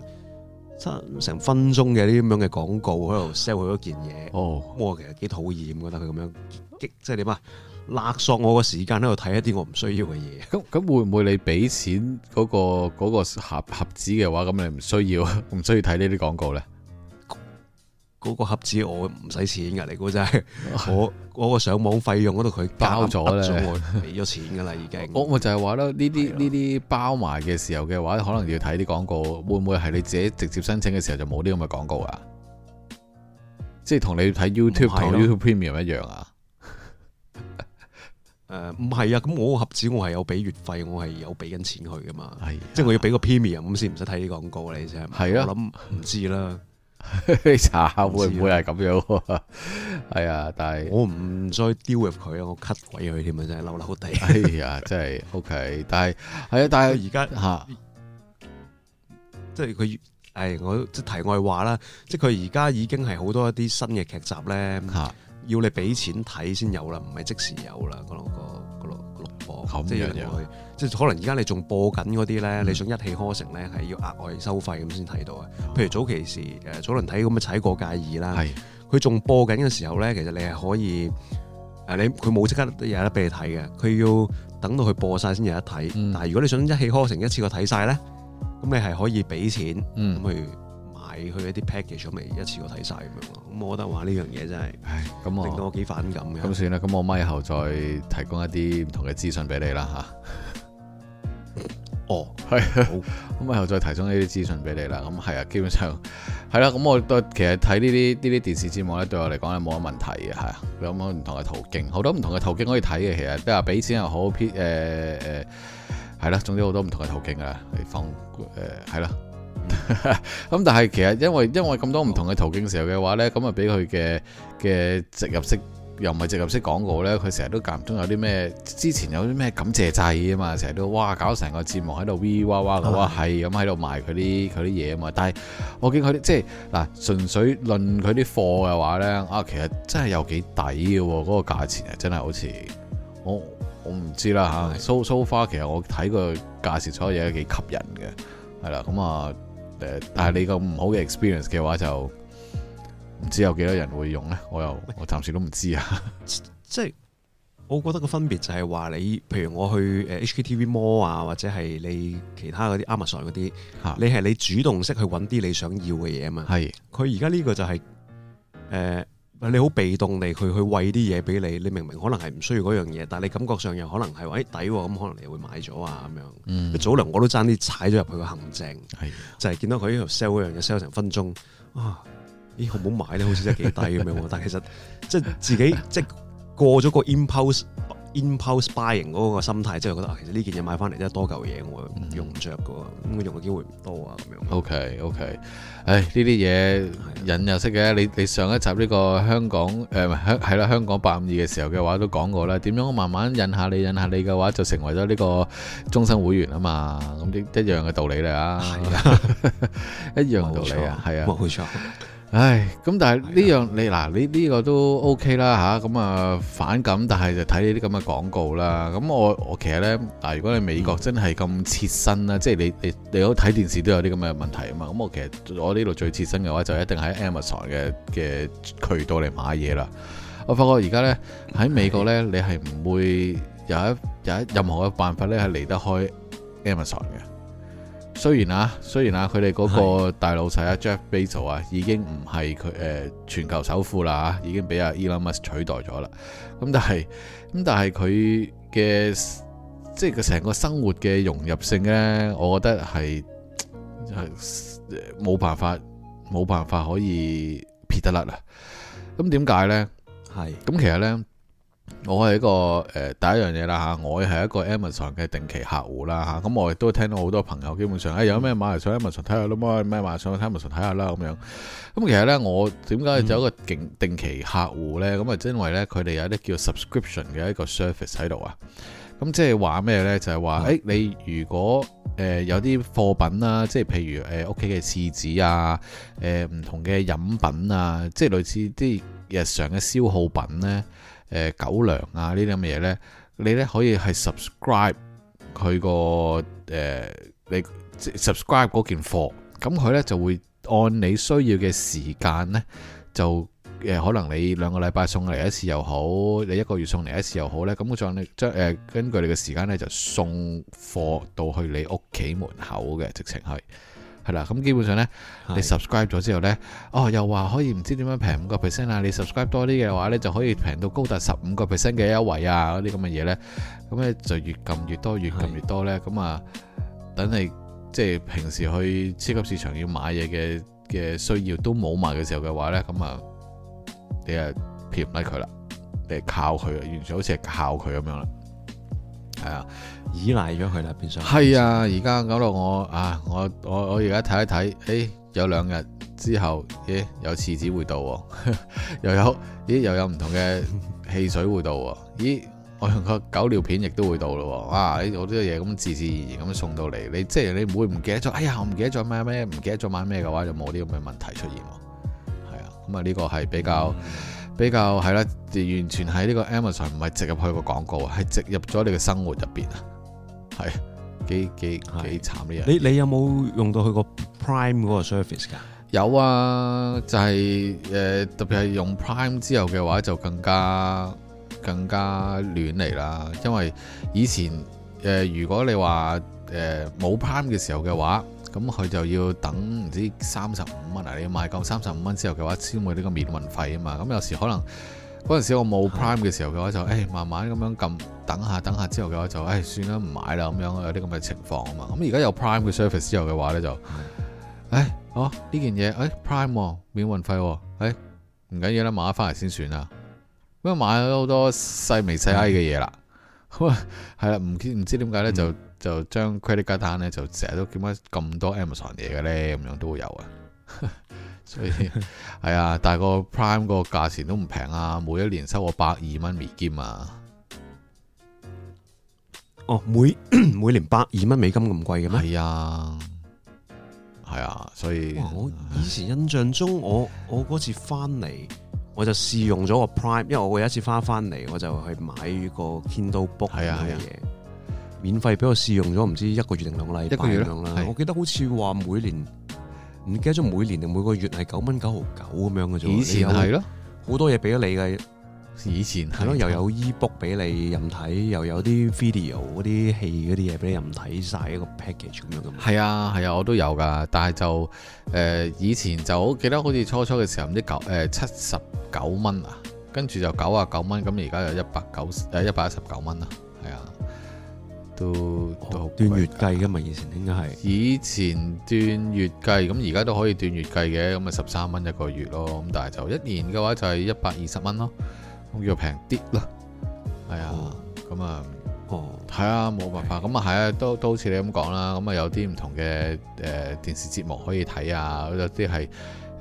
[SPEAKER 1] 成分鐘嘅呢啲咁樣嘅廣告喺度 sell 佢嗰件嘢，我其實幾討厭，覺得佢咁樣激，即係點啊？勒索我個時間喺度睇一啲我唔需要嘅嘢。咁咁會唔會你俾錢嗰個嗰個盒盒子嘅話，咁你唔需要唔需要睇呢啲廣告咧？嗰個盒子我唔使錢噶，你估真係唉我我個上網費用嗰度佢包咗咧，俾咗錢噶啦已經。我咪 *laughs* 就
[SPEAKER 2] 係話啦，呢啲呢啲包埋嘅時候嘅話，可能要睇啲廣告，會唔會係你自己直接申請嘅時候就冇啲咁嘅廣告啊？嗯、即係同你睇 YouTube 同 YouTube
[SPEAKER 1] Premium 一樣啊？誒，唔係、呃、啊，咁我個盒子我係有俾月費，我係有俾緊錢佢噶嘛，係，即係我要俾個 premium 咁先唔使睇啲廣告，你先係，我諗唔知啦，查下會唔會係咁樣？係啊，但係我唔再丟入佢，我 cut 鬼佢添啊，真係嬲嬲地，係啊，真係 OK，但係係啊，但係而家吓，即係佢係我即係題外話啦，即係佢而家已經係好多一啲新嘅劇集咧吓。啊要你俾錢睇先有啦，唔係即時有啦。嗰、嗰個、嗰、嗰個、嗰個錄播，樣有即係另外，即係可能而家你仲播緊嗰啲咧，嗯、你想一氣呵成咧，係要額外收費咁先睇到啊。譬如早期時誒，哦、早輪睇咁嘅踩過界二啦，佢仲是 播緊嘅時候咧，其實你係可以誒，你佢冇即刻有得俾你睇嘅，佢要等到佢播晒先有得睇。嗯、但係如果你想一氣呵成一次過睇晒咧，咁你係可以俾錢咁去。嗯睇佢一啲 package，我未一次過睇晒咁樣，咁我覺得話呢樣嘢真係，咁我令到我幾反感嘅。咁
[SPEAKER 2] 算啦，咁我咪後再提供一啲唔同嘅資訊俾你啦，吓、嗯。哦，係，咁以好後再提供呢啲資訊俾你啦。咁係啊，基本上係啦。咁、啊、我都其實睇呢啲呢啲電視節目咧，對我嚟講咧冇乜問題嘅，係啊。有冇唔同嘅途徑？好多唔同嘅途徑可以睇嘅，其實，比如話俾錢又好，偏誒誒，係啦、啊。總之好多唔同嘅途徑㗎啦，嚟放誒係啦。咁、 *laughs* 嗯、但係其實因為因為咁多唔同嘅途徑時候嘅話咧，咁啊俾佢嘅嘅植入式又唔係植入式廣告咧，佢成日都間唔中有啲咩，之前有啲咩感謝祭啊嘛，成日都哇搞成個節目喺度 V V 哇哇咁係咁喺度賣佢啲佢啲嘢啊嘛，但係我見佢啲即係嗱純粹論佢啲貨嘅話咧啊，其實真係又幾抵嘅喎，嗰、那個價錢係真係好似我我唔知啦吓的，so, so far 其實我睇過價錢所有嘢都幾吸引嘅，係啦咁啊。誒，但係你個
[SPEAKER 1] 唔好嘅 experience 嘅話就唔知有幾多人會用咧，我又我暫時都唔知啊。即係，我覺得個分別就係話你，譬如我去誒 HKTV Mall 啊，或者係你其他嗰啲 Amazon 嗰啲，你係你主動識去揾啲你想要嘅嘢啊嘛。係是。佢而家呢個就係、是、誒。呃你好被動地去去喂啲嘢俾你，你明明可能係唔需要嗰樣嘢，但係你感覺上又可能係話誒抵喎，咁、欸、可能你會買咗啊咁樣。嗯、早輪我都爭啲踩咗入去個陷阱，係的就係見到佢喺度 sell 嗰樣嘢 sell 成分鐘啊，咦、欸、好唔好買咧？好似真係幾抵咁樣喎， *laughs* 但係其實即係自己即係過咗個 impulse Impulse buying 嗰個心態，即係覺得啊，其實呢件嘢買翻嚟真係多嚿嘢，我用唔着嘅，咁我、嗯、用嘅機會唔多啊，咁樣。OK，OK，okay, okay.
[SPEAKER 2] 唉，呢啲嘢引又識嘅。你你上一集呢個香港誒，唔係香係啦，香港八五二嘅時候嘅話的都講過啦。點樣我慢慢引下你，引下你嘅話就成為咗呢個終身會員啊嘛。咁一一樣嘅道理咧啊，的 *laughs* 一樣道理啊，係啊，冇錯。的唉，咁但係呢樣你嗱，你、這、呢個都 OK 啦吓，咁啊反感，但係就睇呢啲咁嘅廣告啦。咁我我其實但嗱，如果你美國真係咁切身啦，嗯、即係你你你睇電視都有啲咁嘅問題啊嘛。咁我其實我呢度最切身嘅話就一定喺 Amazon 嘅嘅渠道嚟買嘢啦。我發覺而家呢，喺美國呢，你係唔會有一有一任何嘅辦法呢，係離得開 Amazon 嘅。雖然啊，雖然啊，佢哋嗰個大老細啊，Jeff Bezos 啊，已經唔係佢誒全球首富啦，已經俾阿 Elon Musk 取代咗啦。咁但係咁但係佢嘅即係佢成個生活嘅融入性咧，我覺得係係冇辦法冇辦法可以撇得甩啦。咁點解咧？係咁係其實咧。我係一個誒、呃、第一樣嘢啦、啊、我係一個 Amazon 嘅定期客戶啦，咁我亦都聽到好多朋友基本上誒、嗯哎、有咩買嚟上 Amazon 睇下啦，買咩買上 Amazon 睇下啦咁樣。咁、啊、其實咧，我點解就有個定、嗯、定期客戶咧？咁啊，因為咧佢哋有啲叫 subscription 嘅一個 service 喺度啊。咁即係話咩咧？就係話誒，你如果、呃、有啲貨品啊，即係譬如誒屋企嘅廁紙啊，誒、呃、唔同嘅飲品啊，即係類似啲日常嘅消耗品咧。呃、狗糧啊呢啲咁嘅嘢呢，你呢可以係 subscribe 佢個誒、呃、你 subscribe 嗰件貨，咁、嗯、佢呢就會按你需要嘅時間呢，就、呃、可能你兩個禮拜送嚟一次又好，你一個月送嚟一次又好呢。咁我再你將根據你嘅時間呢，就送貨到去你屋企門口嘅直情係。係啦，咁基本上呢，你 subscribe 咗之後呢，是的 哦，又話可以唔知點樣平五個 percent 啊，你 subscribe 多啲嘅話呢，就可以平到高達十五個 percent 嘅優惠啊，嗰啲咁嘅嘢呢，咁呢就越撳越多，越撳越多呢。咁啊是的，等你即係、就是、平時去超級市場要買嘢嘅嘅需要都冇買嘅時候嘅話呢，咁啊，你啊撇唔甩佢啦，你係靠佢啊，完全好似係靠佢咁樣啦。係啊，依賴
[SPEAKER 1] 咗佢啦，變相係
[SPEAKER 2] 啊，而家搞到我啊，我我我而家睇一睇，誒，有兩日之後，咦，有廁紙會到喎，又有，咦，又有唔同嘅汽水會到喎，咦，我用個狗尿片亦都會到咯，哇，呢好多嘢咁自自然然咁送到嚟，你即係你唔會唔記得咗，哎呀，我唔記得咗咩咩，唔記得咗買咩嘅話，就冇呢咁嘅問題出現，係啊，咁啊呢個係比較。比較係啦，完全喺呢個 Amazon 唔係植入去個廣告，係植入咗你嘅生活入邊啊，係幾幾幾慘嘅嘢。你
[SPEAKER 1] 你有冇用到佢個 Prime 嗰個 service
[SPEAKER 2] 㗎？有啊，就係、是、誒、呃、特別係用 Prime 之後嘅話，就更加更加亂嚟啦。因為以前誒、呃、如果你話誒冇、呃、Prime 嘅時候嘅話。咁佢就要等唔知三十五蚊啊！你要買夠三十五蚊之後嘅話，先會呢個免運費啊嘛。咁有時可能嗰陣時我冇 Prime 嘅時候嘅話就，就誒的慢慢咁樣撳，等下等下之後嘅話就誒算啦，唔買啦咁樣，有啲咁嘅情況啊嘛。咁而家有 Prime 嘅 service 之後嘅話咧就誒的，哦呢件嘢誒 Prime 喎、啊，免運費喎、啊，誒唔緊要啦，買翻嚟先算啦。咁我買咗好多細微細 I 嘅嘢啦，好啊、嗯，係啦， *laughs* 唔知唔知點解咧就～、嗯就將 credit 卡單咧，就成日都點解咁多 Amazon 嘢嘅咧？咁樣都會有啊。 *laughs* 所以係啊， *laughs* 但係個 Prime 個價錢都唔平啊！每一年收我百二蚊美金啊！哦，每 *coughs*
[SPEAKER 1] 每年百二蚊美金咁貴嘅咩？係啊，係啊，所以我以前印象中， *laughs* 我我嗰次翻嚟，我就試用咗個 Prime，因為我有一次翻翻嚟，我就去買個 Kindle Book 咁嘅嘢。係啊，係啊。免費俾我試用咗唔知一個月定兩個禮拜咁樣啦，嘅我記得好似話每年唔記得咗每年定每個月係九蚊九毫九咁樣嘅啫。以前係咯，好多嘢，俾咗你嘅。以前係咯，又有 ebook 俾你任睇，又有啲 video 嗰啲戲嗰啲嘢，俾你任睇晒一個 package 咁樣咁
[SPEAKER 2] 嘛。係啊係啊，我都有噶，但係就誒、呃、以前就好記得好似初初嘅時候唔知九誒七十九蚊啊，跟住就九啊九蚊，咁而家就一百九誒一百一十九蚊啊。都
[SPEAKER 1] 都斷月計噶嘛，以前應
[SPEAKER 2] 該係以前斷月計，咁而家都可以斷月計嘅，咁咪十三蚊一個月咯，咁但係就一年嘅話就係一百二十蚊咯，咁叫平啲咯，係啊，咁啊，哦，係啊，冇辦法，咁啊係啊，都都好似你咁講啦，咁啊有啲唔同嘅誒電視節目可以睇啊，有啲係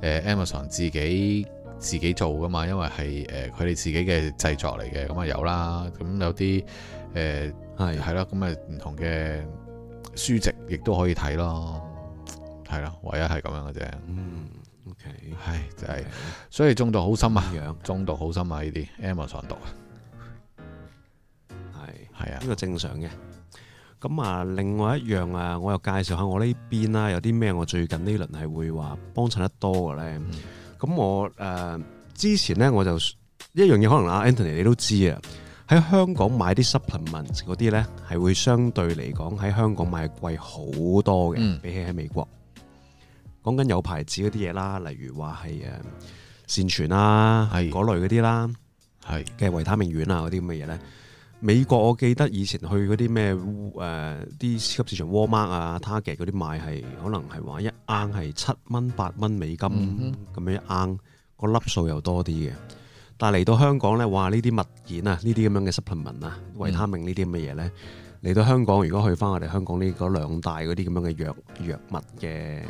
[SPEAKER 2] 誒 Amazon 自己自己做噶嘛，因為係誒佢哋自己嘅製作嚟嘅，咁啊有啦，咁有啲。誒，係係啦，咁誒唔同嘅書籍亦都可以睇咯，係啦，啊，唯一係咁樣嘅啫。嗯，OK，係就係，是，okay，所以中毒好深啊！樣中毒好深啊！呢啲 Emma
[SPEAKER 1] 上毒啊，係係啊，呢個正常嘅。咁啊，另外一樣啊，我又介紹下我呢邊啦，有啲咩我最近呢輪係會話幫襯得多嘅咧。咁，嗯、我誒、呃、之前咧，我就一樣嘢，可能阿 Anthony 你都知啊。喺香港買啲 supplements 嗰啲咧，係會相對嚟講喺香港買貴好多嘅，比起喺美國。講緊有牌子嗰啲嘢啦，例如話係誒善存、啊、是的 啦，係嗰類嗰啲啦，係嘅維他命丸啊嗰啲咁嘅嘢咧。美國我記得以前去嗰啲咩誒啲超級市場 Wal-Mart 啊、Target 嗰啲買係，可能係話一盎係七蚊、八蚊美金咁、嗯、哼 樣一盎，個粒數又多啲嘅。但嚟到香港咧，哇！呢啲物件啊，呢啲咁樣嘅 supplement 啊，維他命這些什麼呢啲咁嘅嘢咧，嚟、嗯、到香港，如果去翻我哋香港呢嗰兩大嗰啲咁樣嘅藥藥物嘅誒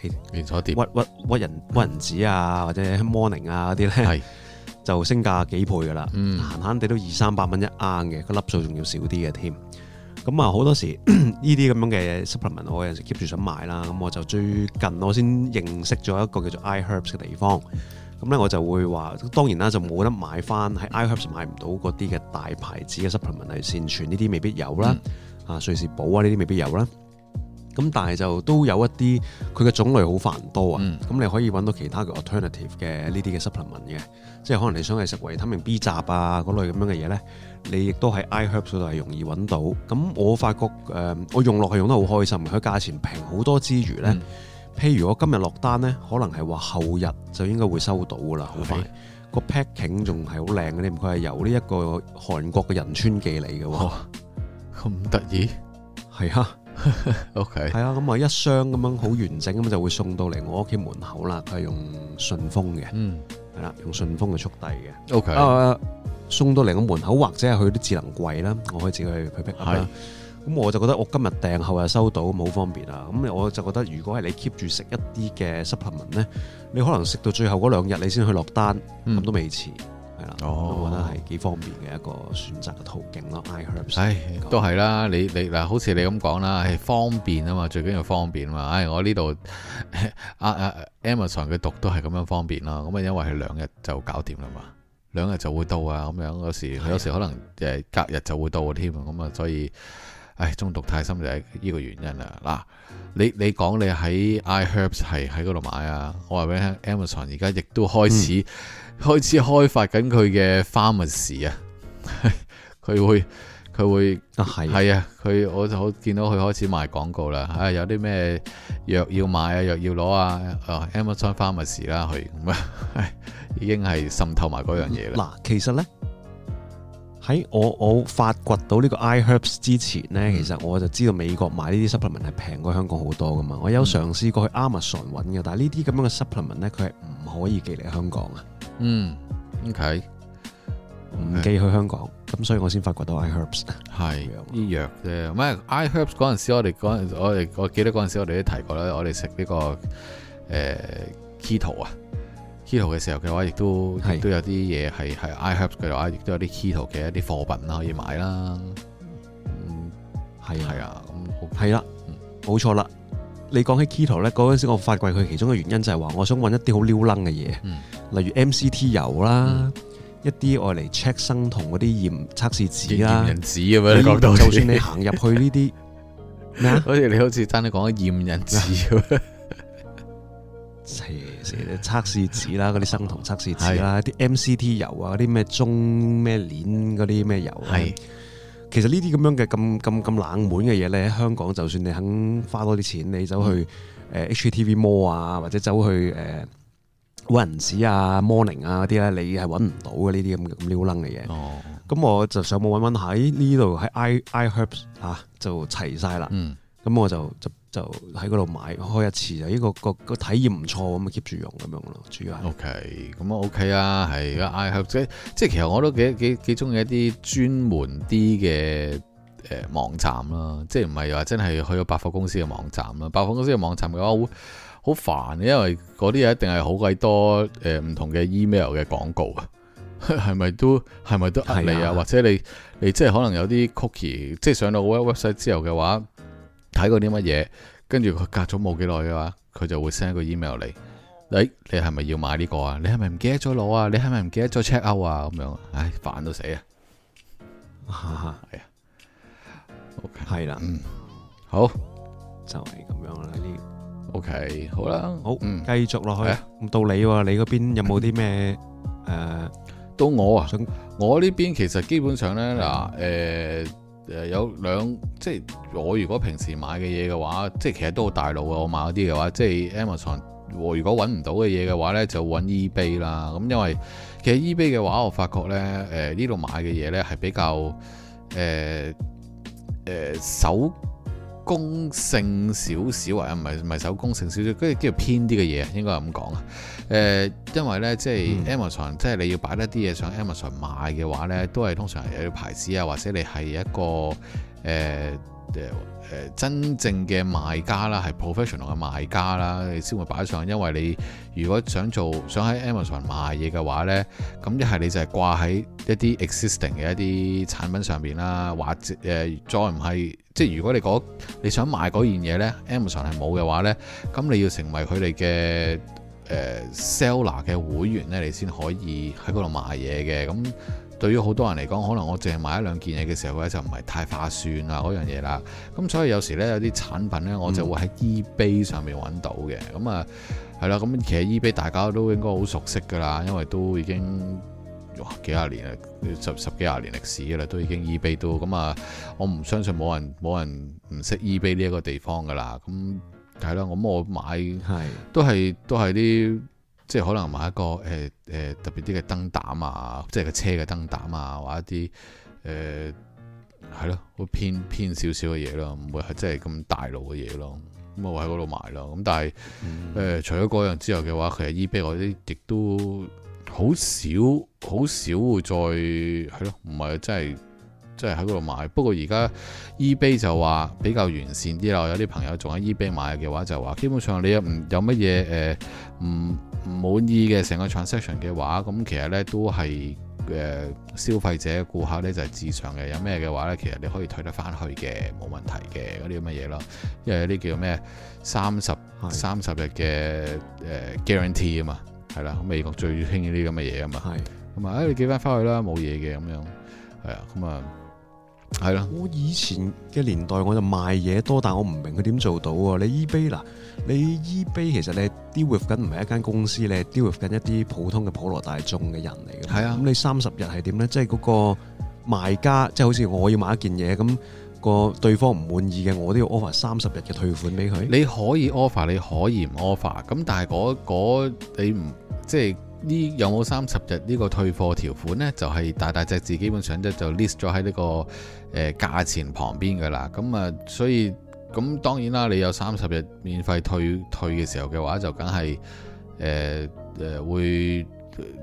[SPEAKER 1] 係連鎖店屈屈屈人屈人子啊，嗯、或者 morning 啊嗰啲咧，是就升價幾倍噶啦，閒閒、嗯、地都二三百蚊一盎嘅，嗰個粒數仲要少啲嘅添。咁啊，好多時呢啲咁樣嘅 supplement，我有時 keep 住想買啦。咁我就最近我先認識咗一個叫做 iHerbs 嘅地方。咁咧我就會話，當然啦就冇得買翻喺 iHerbs 買唔到嗰啲嘅大牌子嘅 supplement，係善存呢啲未必有啦，啊、嗯、瑞士寶啊呢啲未必有啦。咁但係就都有一啲佢嘅種類好繁多啊。咁、嗯、你可以揾到其他嘅 alternative 嘅呢啲嘅 supplement 嘅，即係可能你想係食維他命 B 雜啊嗰類咁樣嘅嘢咧，你亦都喺 iHerbs 度係容易揾到。咁我發覺誒我用落去用得好開心，佢價錢平好多之餘咧。嗯譬、hey, 如我今日落單咧，可能係話後日就應該會收到噶啦，好快，個 packing 仲係好靚嘅添，佢係 Okay. 由呢一個韓國嘅仁川寄嚟嘅喎，咁得意，係啊，OK，係啊，咁 *laughs* Okay. 啊一箱咁樣好完整咁就會送到嚟我屋企門口啦，佢係用順豐嘅，嗯，係啦、啊，用順豐嘅速遞嘅，OK，啊送到嚟我門口或者係去啲智能櫃啦，我可以自己去 pick up 啦。咁我就覺得，我今日訂後日收到，好方便啊！咁我就覺得，如果係你 keep 住食一啲嘅 supplement 呢，你可能食到最後嗰兩日，你先去落單，咁、嗯、都未遲，係啦。我、哦、覺得係幾方便嘅一個選擇嘅途徑咯。哦、iHerb 都係啦。你你嗱，
[SPEAKER 2] 好似你咁講啦，係方便啊嘛，最緊要方便啊嘛。唉、哎，我呢度阿阿 Amazon 嘅毒都係咁樣方便咯。咁啊，因為係兩日就搞掂啦嘛，兩日就會到啊，咁樣時候的有時有時可能誒隔日就會到㗎添啊，咁啊，所以。唉、哎，中毒太深就係、是、呢個原因啦。嗱，你你講你喺 iHerb 係喺嗰度買啊，我話俾你聽，Amazon 而家亦都開始、嗯、開始開發緊佢嘅 Pharmacy 啊，佢會佢會係係啊，佢、啊、我我見到佢開始賣廣告啦、哎啊。啊，有啲咩藥要買啊，藥要攞啊，Amazon Pharmacy 啦，佢咁啊，已經係滲透埋嗰樣嘢啦。嗱、嗯，
[SPEAKER 1] 其實咧。喺、欸、我我發掘到呢個 iHerbs 之前呢，嗯、其實我就知道美國買呢啲 supplement 係平過香港好多㗎嘛。我有嘗試過去 Amazon 揾嘅，嗯、但係呢啲咁樣嘅 supplement 呢，佢係唔可以寄嚟香港啊。嗯，OK，唔、okay, 寄去香港，咁 okay. 所以我先發掘到 iHerbs。係醫藥啫
[SPEAKER 2] ，iHerbs 嗰陣時我，我哋嗰我哋我記得嗰陣時我，我哋都提過啦，我哋食呢個誒 Keto 啊。Keto 嘅時候嘅話，亦都亦都是有啲嘢，係係 iHerb
[SPEAKER 1] 嘅話，亦都有啲 Keto 嘅一啲貨品可以買啦。係、嗯、係啊，咁係啦，冇錯啦。你講起 Keto 咧，嗰陣時我發掘佢其中嘅原因就係話，我想揾一啲好撩楞嘅嘢，嗯、例如 MCT 油啦，嗯、一啲我嚟 check 生酮嗰啲驗測試紙啦，驗人紙咁樣。你講到就算你行入去呢啲咩？好似、 *laughs* 啊、你好似爭你講驗人紙咁。測試紙啦，嗰啲生酮測試紙啦，啲 *laughs* 的 MCT 油啊，嗰啲咩中咩鏈嗰啲咩油啊，係的，其實呢啲咁樣嘅咁咁咁冷門嘅嘢咧，喺香港就算你肯花多啲錢，你走去誒 H T V mall 啊，或者走去誒，屈、呃、臣氏啊、Morning 啊嗰啲咧，你係揾唔到嘅呢啲咁咁楞嘅嘢。咁、哦、我就上網揾揾喺呢度喺 i iHerbs、啊、就齊晒啦。咁、嗯、我就就。就喺嗰度買開一次就呢個個個體驗唔錯咁咪 keep 住用咁樣咯，主要係。OK，咁啊 OK 啊，係。而家 I have 即即其實
[SPEAKER 2] 我都幾幾幾中意一啲專門啲嘅誒網站啦、啊，即係唔係又話真係去個百貨公司嘅網站啦、啊，百貨公司嘅網站嘅話好好煩，因為嗰啲嘢一定係好鬼多誒唔同嘅 email 嘅廣告啊，係咪都係咪都係你啊？或者你你即係可能有啲 cookie，即係上到 website 之後嘅話。睇過啲乜嘢，跟住佢隔咗冇幾耐嘅話，佢就會 send 一個 email 嚟、哎，你你係咪要買呢個啊？你係咪唔記得咗攞啊？你係咪唔記得咗 check out 啊？咁樣，唉煩到死啊！哈哈、啊，係啊，OK，係啦的，嗯，
[SPEAKER 1] 好就係咁樣啦啲、這個，OK，好啦，好，嗯，繼續落去，咁的到你喎、啊，你嗰邊有冇啲咩誒？嗯呃、到我啊，
[SPEAKER 2] 想我呢邊其實基本上咧，嗱誒的。呃誒有兩，即係我如果平時買嘅嘢嘅話，即係其實都好大路嘅。我買嗰啲嘅話，即係 Amazon，我如果揾唔到嘅嘢嘅話咧，就揾 eBay 啦。咁因為其實 eBay 嘅話，我發覺咧，誒呢度買嘅嘢咧係比較誒誒、呃呃、手，公性少少啊，唔係唔係手工性少少，跟住叫做偏啲嘅嘢啊，應該係咁講啊。誒、呃，因為咧、就是嗯、即係 Amazon，即係你要擺一啲嘢上 Amazon 賣嘅話咧，都係通常係有啲牌子啊，或者你係一個誒。呃誒真正嘅賣家啦，係 professional 嘅賣家啦，你先會擺上。因為你如果想做想喺 Amazon 賣嘢嘅話呢，咁一係你就係掛喺一啲 existing 嘅一啲產品上面啦，或者誒、呃、再唔係，即係如果你你想賣嗰件嘢呢 Amazon 係冇嘅話呢，咁你要成為佢哋嘅誒、呃、seller 嘅會員呢，你先可以喺嗰度賣嘢嘅咁。對於好多人嚟講，可能我淨係買一兩件嘢嘅時候咧，就唔係太劃算啊嗰樣嘢啦。咁所以有時咧，有啲產品咧，我就會喺 eBay 上面揾到嘅。咁啊、嗯，係啦，咁其實 eBay 大家都應該好熟悉㗎啦，因為都已經哇幾廿年啦，十十幾廿年歷史㗎啦，都已經 eBay 都咁啊，我唔相信冇人冇人唔識 eBay 呢一個地方㗎啦。咁係啦，咁我買係嘅都係都係啲。即係可能買一個誒誒、欸呃、特別啲嘅燈膽啊，即係個車嘅燈膽啊，或者一啲誒係咯，呃、的偏偏小小的會偏偏少少嘅嘢咯，唔會係真係咁大路嘅嘢咯。咁我喺嗰度買咯。咁但係誒、嗯呃，除咗嗰樣之外嘅話，其實 eBay 嗰啲亦都好少好少會再係咯，唔係真係。即係喺嗰度買，不過而家 eBay 就話比較完善啲啦。有啲朋友仲喺 eBay 買嘅話，就話基本上你唔有乜嘢誒唔唔滿意嘅成個 transaction 嘅話，咁其實咧都係誒、呃、消費者顧客咧就係、是、至上嘅。有咩嘅話咧，其實你可以退得翻去嘅，冇問題嘅嗰啲咁嘅嘢咯。因為有啲叫咩三十三十日嘅誒、呃、guarantee 啊嘛，係啦，美國最興呢啲咁嘅嘢啊嘛。係咁是的 啊，你寄翻翻去啦，冇
[SPEAKER 1] 嘢嘅咁樣係啊，咁啊。嗯嗯係啦，是啊，我以前嘅年代我就賣嘢多，但係我唔明佢點做到，e、啊！你 eBay 嗱，你 eBay 其實你 deal with 緊唔係一間公司，你係 deal with 緊一啲普通嘅普羅大眾嘅人嚟嘅。係啊，咁你三十日係點咧？即係嗰個賣家，即、就、係、是、好似我要買一件嘢，咁，那個對方唔滿意嘅，我都要 offer 三十日嘅退款俾佢。你可以 offer，你可以唔 offer，咁但係嗰
[SPEAKER 2] 嗰你唔即係。就是呢有冇三十日呢個退貨條款呢？就係、是、大大隻字，基本上咧就 list 咗喺呢個誒價、呃、錢旁邊㗎啦。咁啊，所以咁當然啦，你有三十日免費退退嘅時候嘅話，就梗係誒誒會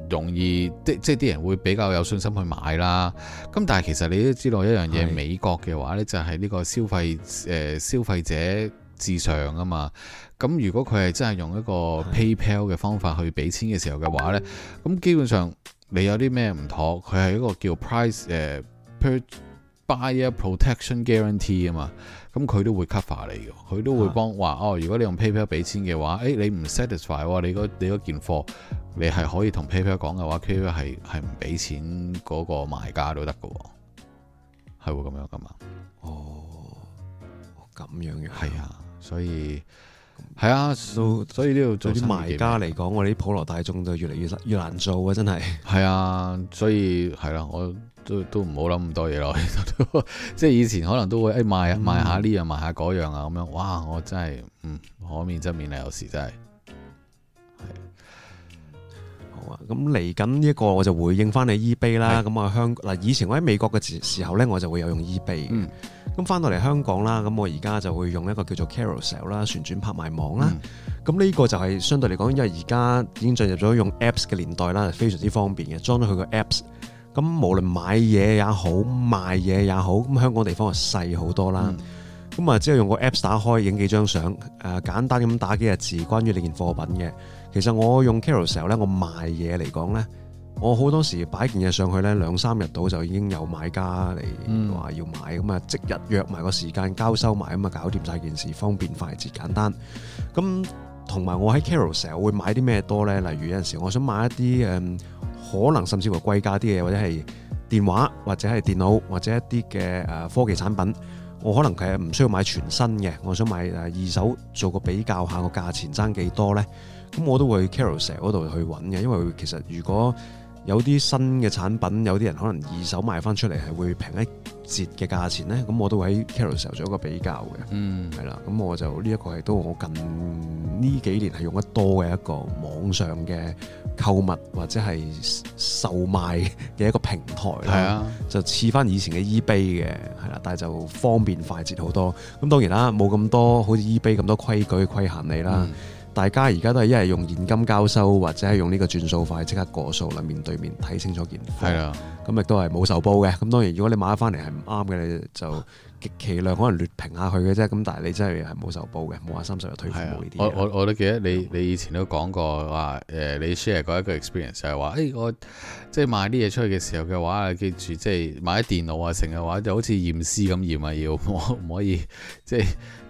[SPEAKER 2] 容易啲，即係啲人會比較有信心去買啦。咁但係其實你都知道一樣嘢，是美國嘅話呢，就係、是、呢個消費誒、呃、消費者，至上啊嘛，咁如果佢係真係用一個 PayPal 嘅方法去俾錢嘅時候嘅話呢，咁是的 基本上你有啲咩唔妥，佢係一個叫 Price 誒 Purchase、uh, a e Buyer Protection Guarantee 啊嘛，咁佢都會 cover 你嘅，佢都會幫話、啊、哦，如果你用 PayPal 俾錢嘅話，誒你唔 satisfy 你嗰你件貨，你係、那個、可以同 PayPal 講嘅話，PayPal 係係唔俾錢嗰個賣家都得嘅、哦，係會咁樣噶嘛、哦？
[SPEAKER 1] 哦，咁樣嘅係啊。所以係、嗯、啊，所以呢度做啲賣家嚟講，我哋啲普羅大眾就越嚟越難越難做啊！真係係啊，所以
[SPEAKER 2] 係咯、啊，我都都唔好諗咁多嘢咯。即 *laughs* 係以前可能都會誒、哎、賣賣下呢、
[SPEAKER 1] 這個、樣賣下嗰樣啊，咁樣哇！我真係可免則免，面、嗯、啊，有時真係。係好啊，咁嚟緊呢一個我就回應翻你 eBay 啦。咁啊香嗱，以前我喺美國嘅時候咧，我就會有用 eBay。咁返到嚟香港啦，咁我而家就會用一個叫做 Carousell 啦，旋轉拍賣網啦。咁呢、嗯、個就係相對嚟講，因為而家已經進入咗用 Apps 嘅年代啦，非常之方便嘅，裝咗佢個 Apps。咁無論買嘢也好，賣嘢也好，咁香港地方係細好多啦。咁啊，之後用個 Apps 打開，影幾張相，誒簡單咁打幾隻字，關於你件貨品嘅。其實我用 Carousell 咧，我賣嘢嚟講咧。我好多時擺件嘢上去咧，兩三日到就已經有買家嚟話要買，咁啊、嗯、即日約埋個時間交收埋，咁啊搞掂晒件事，方便快捷簡單。咁同埋我喺 Carousell 會買啲咩多咧？例如有陣時我想買一啲可能甚至乎貴價啲嘢，或者係電話，或者係電腦，或者一啲嘅科技產品。我可能係唔需要買全新嘅，我想買二手，做個比較下個價錢爭幾多咧。咁我都會 Carousell 嗰度去揾嘅，因為其實如果有啲新嘅產品，有啲人可能二手賣翻出嚟係會平一截嘅價錢咧，咁我都會喺 Carousell 做一個比較嘅，嗯的，係啦，咁我就呢一、呢個係都我近呢幾年係用得多嘅一個網上嘅購物或者係售賣嘅一個平台啦，係啊，嗯、就似翻以前嘅 eBay 嘅，係啦，但係就方便快捷好多，咁當然啦，冇咁多好似 eBay 咁多規矩規限你啦。嗯大家而家都係一係用現金交收，或者係用呢個轉數快即刻過數啦，面對面睇清楚件，係啊的，咁亦都係冇受保嘅。咁當然，如果你買翻嚟係唔啱嘅，你就極其量可能劣評下去嘅啫。咁但係你真係係冇受保嘅，冇話三十日退貨呢啲。
[SPEAKER 2] 我我都記得你的你以前都講過話，誒你 share 過一個 experience 就係話，誒、哎、我即係賣啲嘢出去嘅時候嘅話，記住即係賣啲電腦啊，成日話就好似驗屍咁驗啊驗，唔可以即係。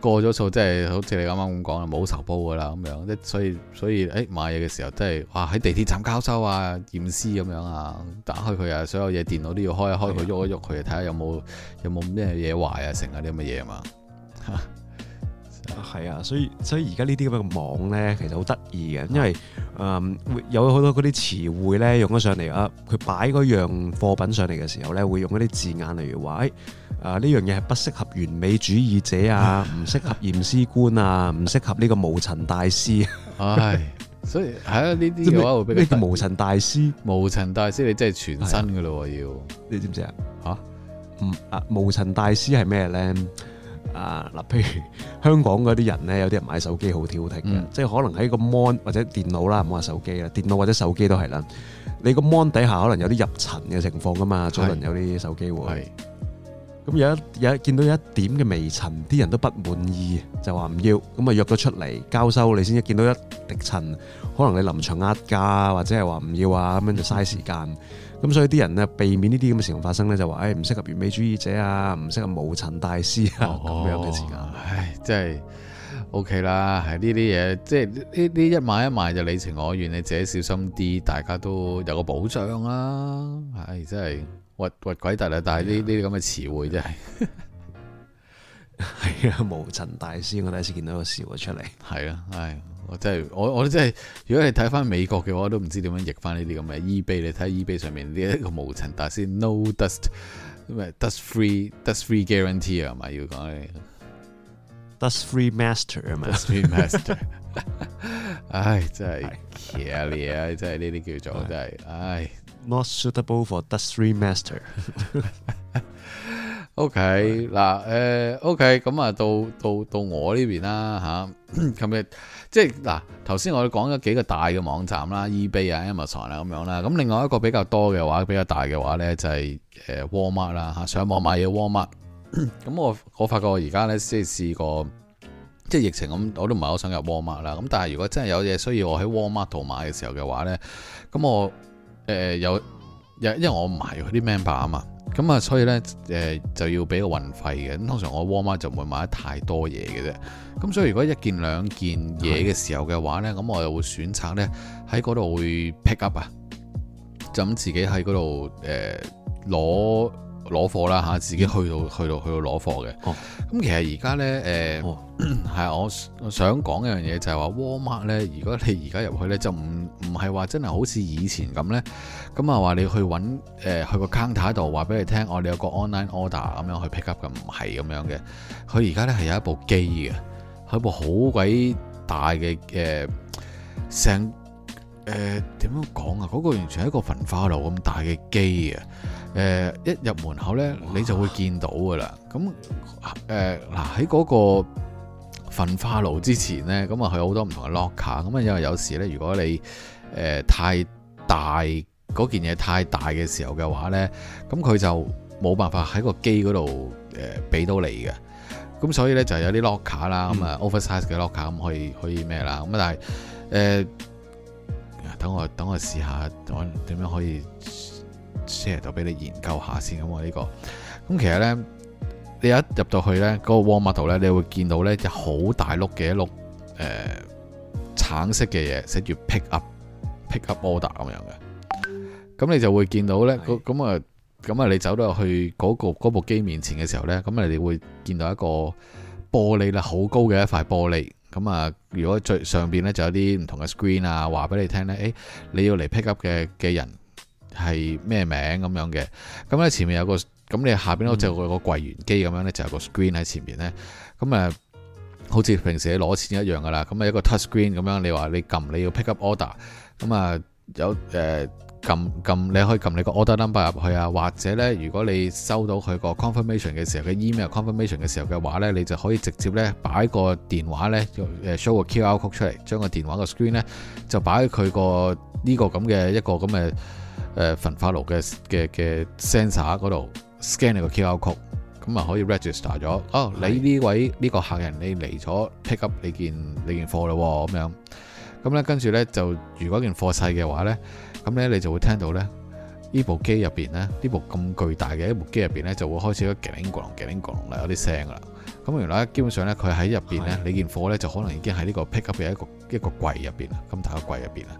[SPEAKER 2] 過咗數，即係好似你啱啱咁講冇仇報噶啦咁樣，即係所以所以誒、欸、買嘢嘅時候，真係哇喺地鐵站交收啊驗屍咁樣啊，打開佢啊，所有嘢電腦都要開一開佢喐、啊、一喐佢，睇下有冇有冇咩嘢壞啊，成啊啲咁嘅嘢嘛
[SPEAKER 1] 吓，係哈啊所，所以所以而家呢啲咁嘅網咧，其實好得意嘅，因為誒有好多嗰啲詞彙咧用咗上嚟啊，佢擺嗰樣貨品上嚟嘅時候咧，會用一啲字眼嚟，例如話啊！呢樣嘢係不適合完美主義者啊，唔 *laughs* 適合驗屍官啊，唔適合呢個無塵大師。唉，
[SPEAKER 2] 所以喺呢啲嘅話，呢個
[SPEAKER 1] 無塵大師，無塵大師你真係全新嘅咯，是啊、要你知唔知啊？嚇，啊無塵大師係咩咧？啊嗱，譬如香港嗰啲人咧，有啲人買手機好挑剔，嗯、即係可能喺個 mon 或者電腦啦，唔好話手機啦，電腦或者手機都係啦。你個 mon 底下可能有啲入塵嘅情況噶嘛，早輪有啲手機會。咁有一有一見到有一點嘅微塵，啲人都不滿意，就話唔要，咁啊約咗出嚟交收你先。一見到一滴塵，可能你臨場呃價或者係話唔要啊，咁樣就嘥時間。咁所以啲人呢避免呢啲咁嘅事情發生呢，就話誒唔適合完美主義者啊，唔適合無塵大師啊咁、哦、樣嘅時間。唉，真係 OK 啦，係呢啲嘢，即係呢啲一買一賣
[SPEAKER 2] 就你情我願，你自己小心啲，大家都有個保障啦、啊。唉，真係。或或鬼大啦，但係呢呢啲咁嘅詞彙真係，係 *laughs* 啊，無塵大師，我第一次見到個笑話出嚟。係啊，唉、哎，我真係，我我都真係，如果你睇翻美國嘅話，我都唔知點樣譯翻呢啲咁嘅。eBay 你睇下 eBay 上面呢一，這個無塵大師，No Dust，咩 Dust Free，Dust Free Guarantee 啊，係咪要講呢
[SPEAKER 1] ，Dust Free Master 啊嘛，Dust Free Master，唉、 *laughs* 哎，真係邪嘢啊，真係呢啲叫做真係，唉、 *laughs* 哎。哎 Not suitable for the three master.
[SPEAKER 2] *laughs* OK，嗱，誒，OK，咁啊，到到到我呢邊啦，吓，琴日即係嗱，頭先我哋講咗幾個大嘅網站啦，eBay 啊、Amazon 啊咁樣啦。咁另外一個比較多嘅話，比較大嘅話咧、就係，就係誒 Walmart 啦，嚇、啊、上網買嘢 Walmart 咁我我發覺我而家咧，即係試過即係疫情咁，我都唔係好想入 Walmart 啦。咁但係如果真係有嘢需要我喺 Walmart 度買嘅時候嘅話咧，咁我。誒、呃、有，因因為我唔係嗰啲 member 啊嘛，咁啊，所以咧誒、呃、就要俾個運費嘅，咁通常我 Walmart 就唔會買得太多嘢嘅啫，咁所以如果一件兩件嘢嘅時候嘅話咧，咁是的 我又會選擇咧喺嗰度會 pick up 啊，就咁自己喺嗰度誒攞。呃攞貨啦嚇，自己去到去到去到攞貨嘅。咁、oh. 其實而家咧，誒、呃、係、oh. *coughs* 我想講一樣嘢，就係話 Walmart 咧，如果你而家入去咧，就唔唔係話真係好似以前咁咧，咁啊話你去揾、呃、去個 counter 度話俾你聽，我、哦、哋有個 online order 咁樣去 pick up 嘅，唔係咁樣嘅。佢而家咧係有一部機嘅，係一部好鬼大嘅誒成誒點樣講啊？嗰、呃呃那個完全係一個焚化爐咁大嘅機啊！誒、呃、一入門口咧，你就會見到㗎啦。咁誒嗱，喺嗰個焚化爐之前咧，咁啊有好多唔同嘅 locker。咁因為有時咧，如果你誒、呃、太大嗰件嘢太大嘅時候嘅話咧，咁佢就冇辦法喺個機嗰度誒俾到你嘅。咁所以咧就有啲 locker 啦，咁啊、嗯、oversize 嘅 locker，咁可以可以咩啦？咁但係誒，等、呃、我等我試下點點樣可以。先嚟到俾你研究下先咁啊！呢、這個咁其實咧，你一入到去咧，嗰、那個 Walmart 度咧，你會見到咧就好大碌嘅一碌誒、呃、橙色嘅嘢，寫住 pick up、pick up order 咁樣嘅。咁你就會見到咧，咁啊是，咁啊，你走到去嗰、那個部機面前嘅時候咧，咁啊，你會見到一個玻璃啦，好高嘅一塊玻璃。咁啊，如果最上邊咧就有啲唔同嘅 screen 啊，話俾你聽咧，誒、哎、你要嚟 pick up 嘅嘅人。係咩名咁樣嘅？咁咧前面有個咁，你下邊好似個個櫃員機咁樣咧，嗯、就有個 screen 喺前面咧。咁啊，好似平時你攞錢一樣噶啦。咁啊，一個 touch screen 咁樣，你話你撳你要 pick up order，咁啊有誒撳撳，你可以撳你個 order number 入去啊。或者咧，如果你收到佢個 confirmation 嘅時候嘅 email confirmation 嘅時候嘅話咧，你就可以直接咧擺個電話咧，誒、呃、show 個 QR code 出嚟，將個電話個 screen 咧就擺喺佢個呢個咁嘅一個咁嘅。誒焚化爐嘅嘅嘅 sensor 嗰度 scan 你個 QR code，咁啊可以 register 咗。哦，你呢位呢個客人，你嚟咗 pick up 你件你件貨嘞喎，咁樣。咁咧跟住咧就，如果件貨細嘅話咧，咁咧你就會聽到咧，呢部機入面咧，呢部咁巨大嘅一部機入面咧，就會開始一噉噉嚟有啲聲㗎啦。咁原來咧，基本上咧，佢喺入邊咧，你件貨咧就可能已經喺呢個 pick up 嘅一個一個櫃入邊啦，咁大個櫃入邊啦。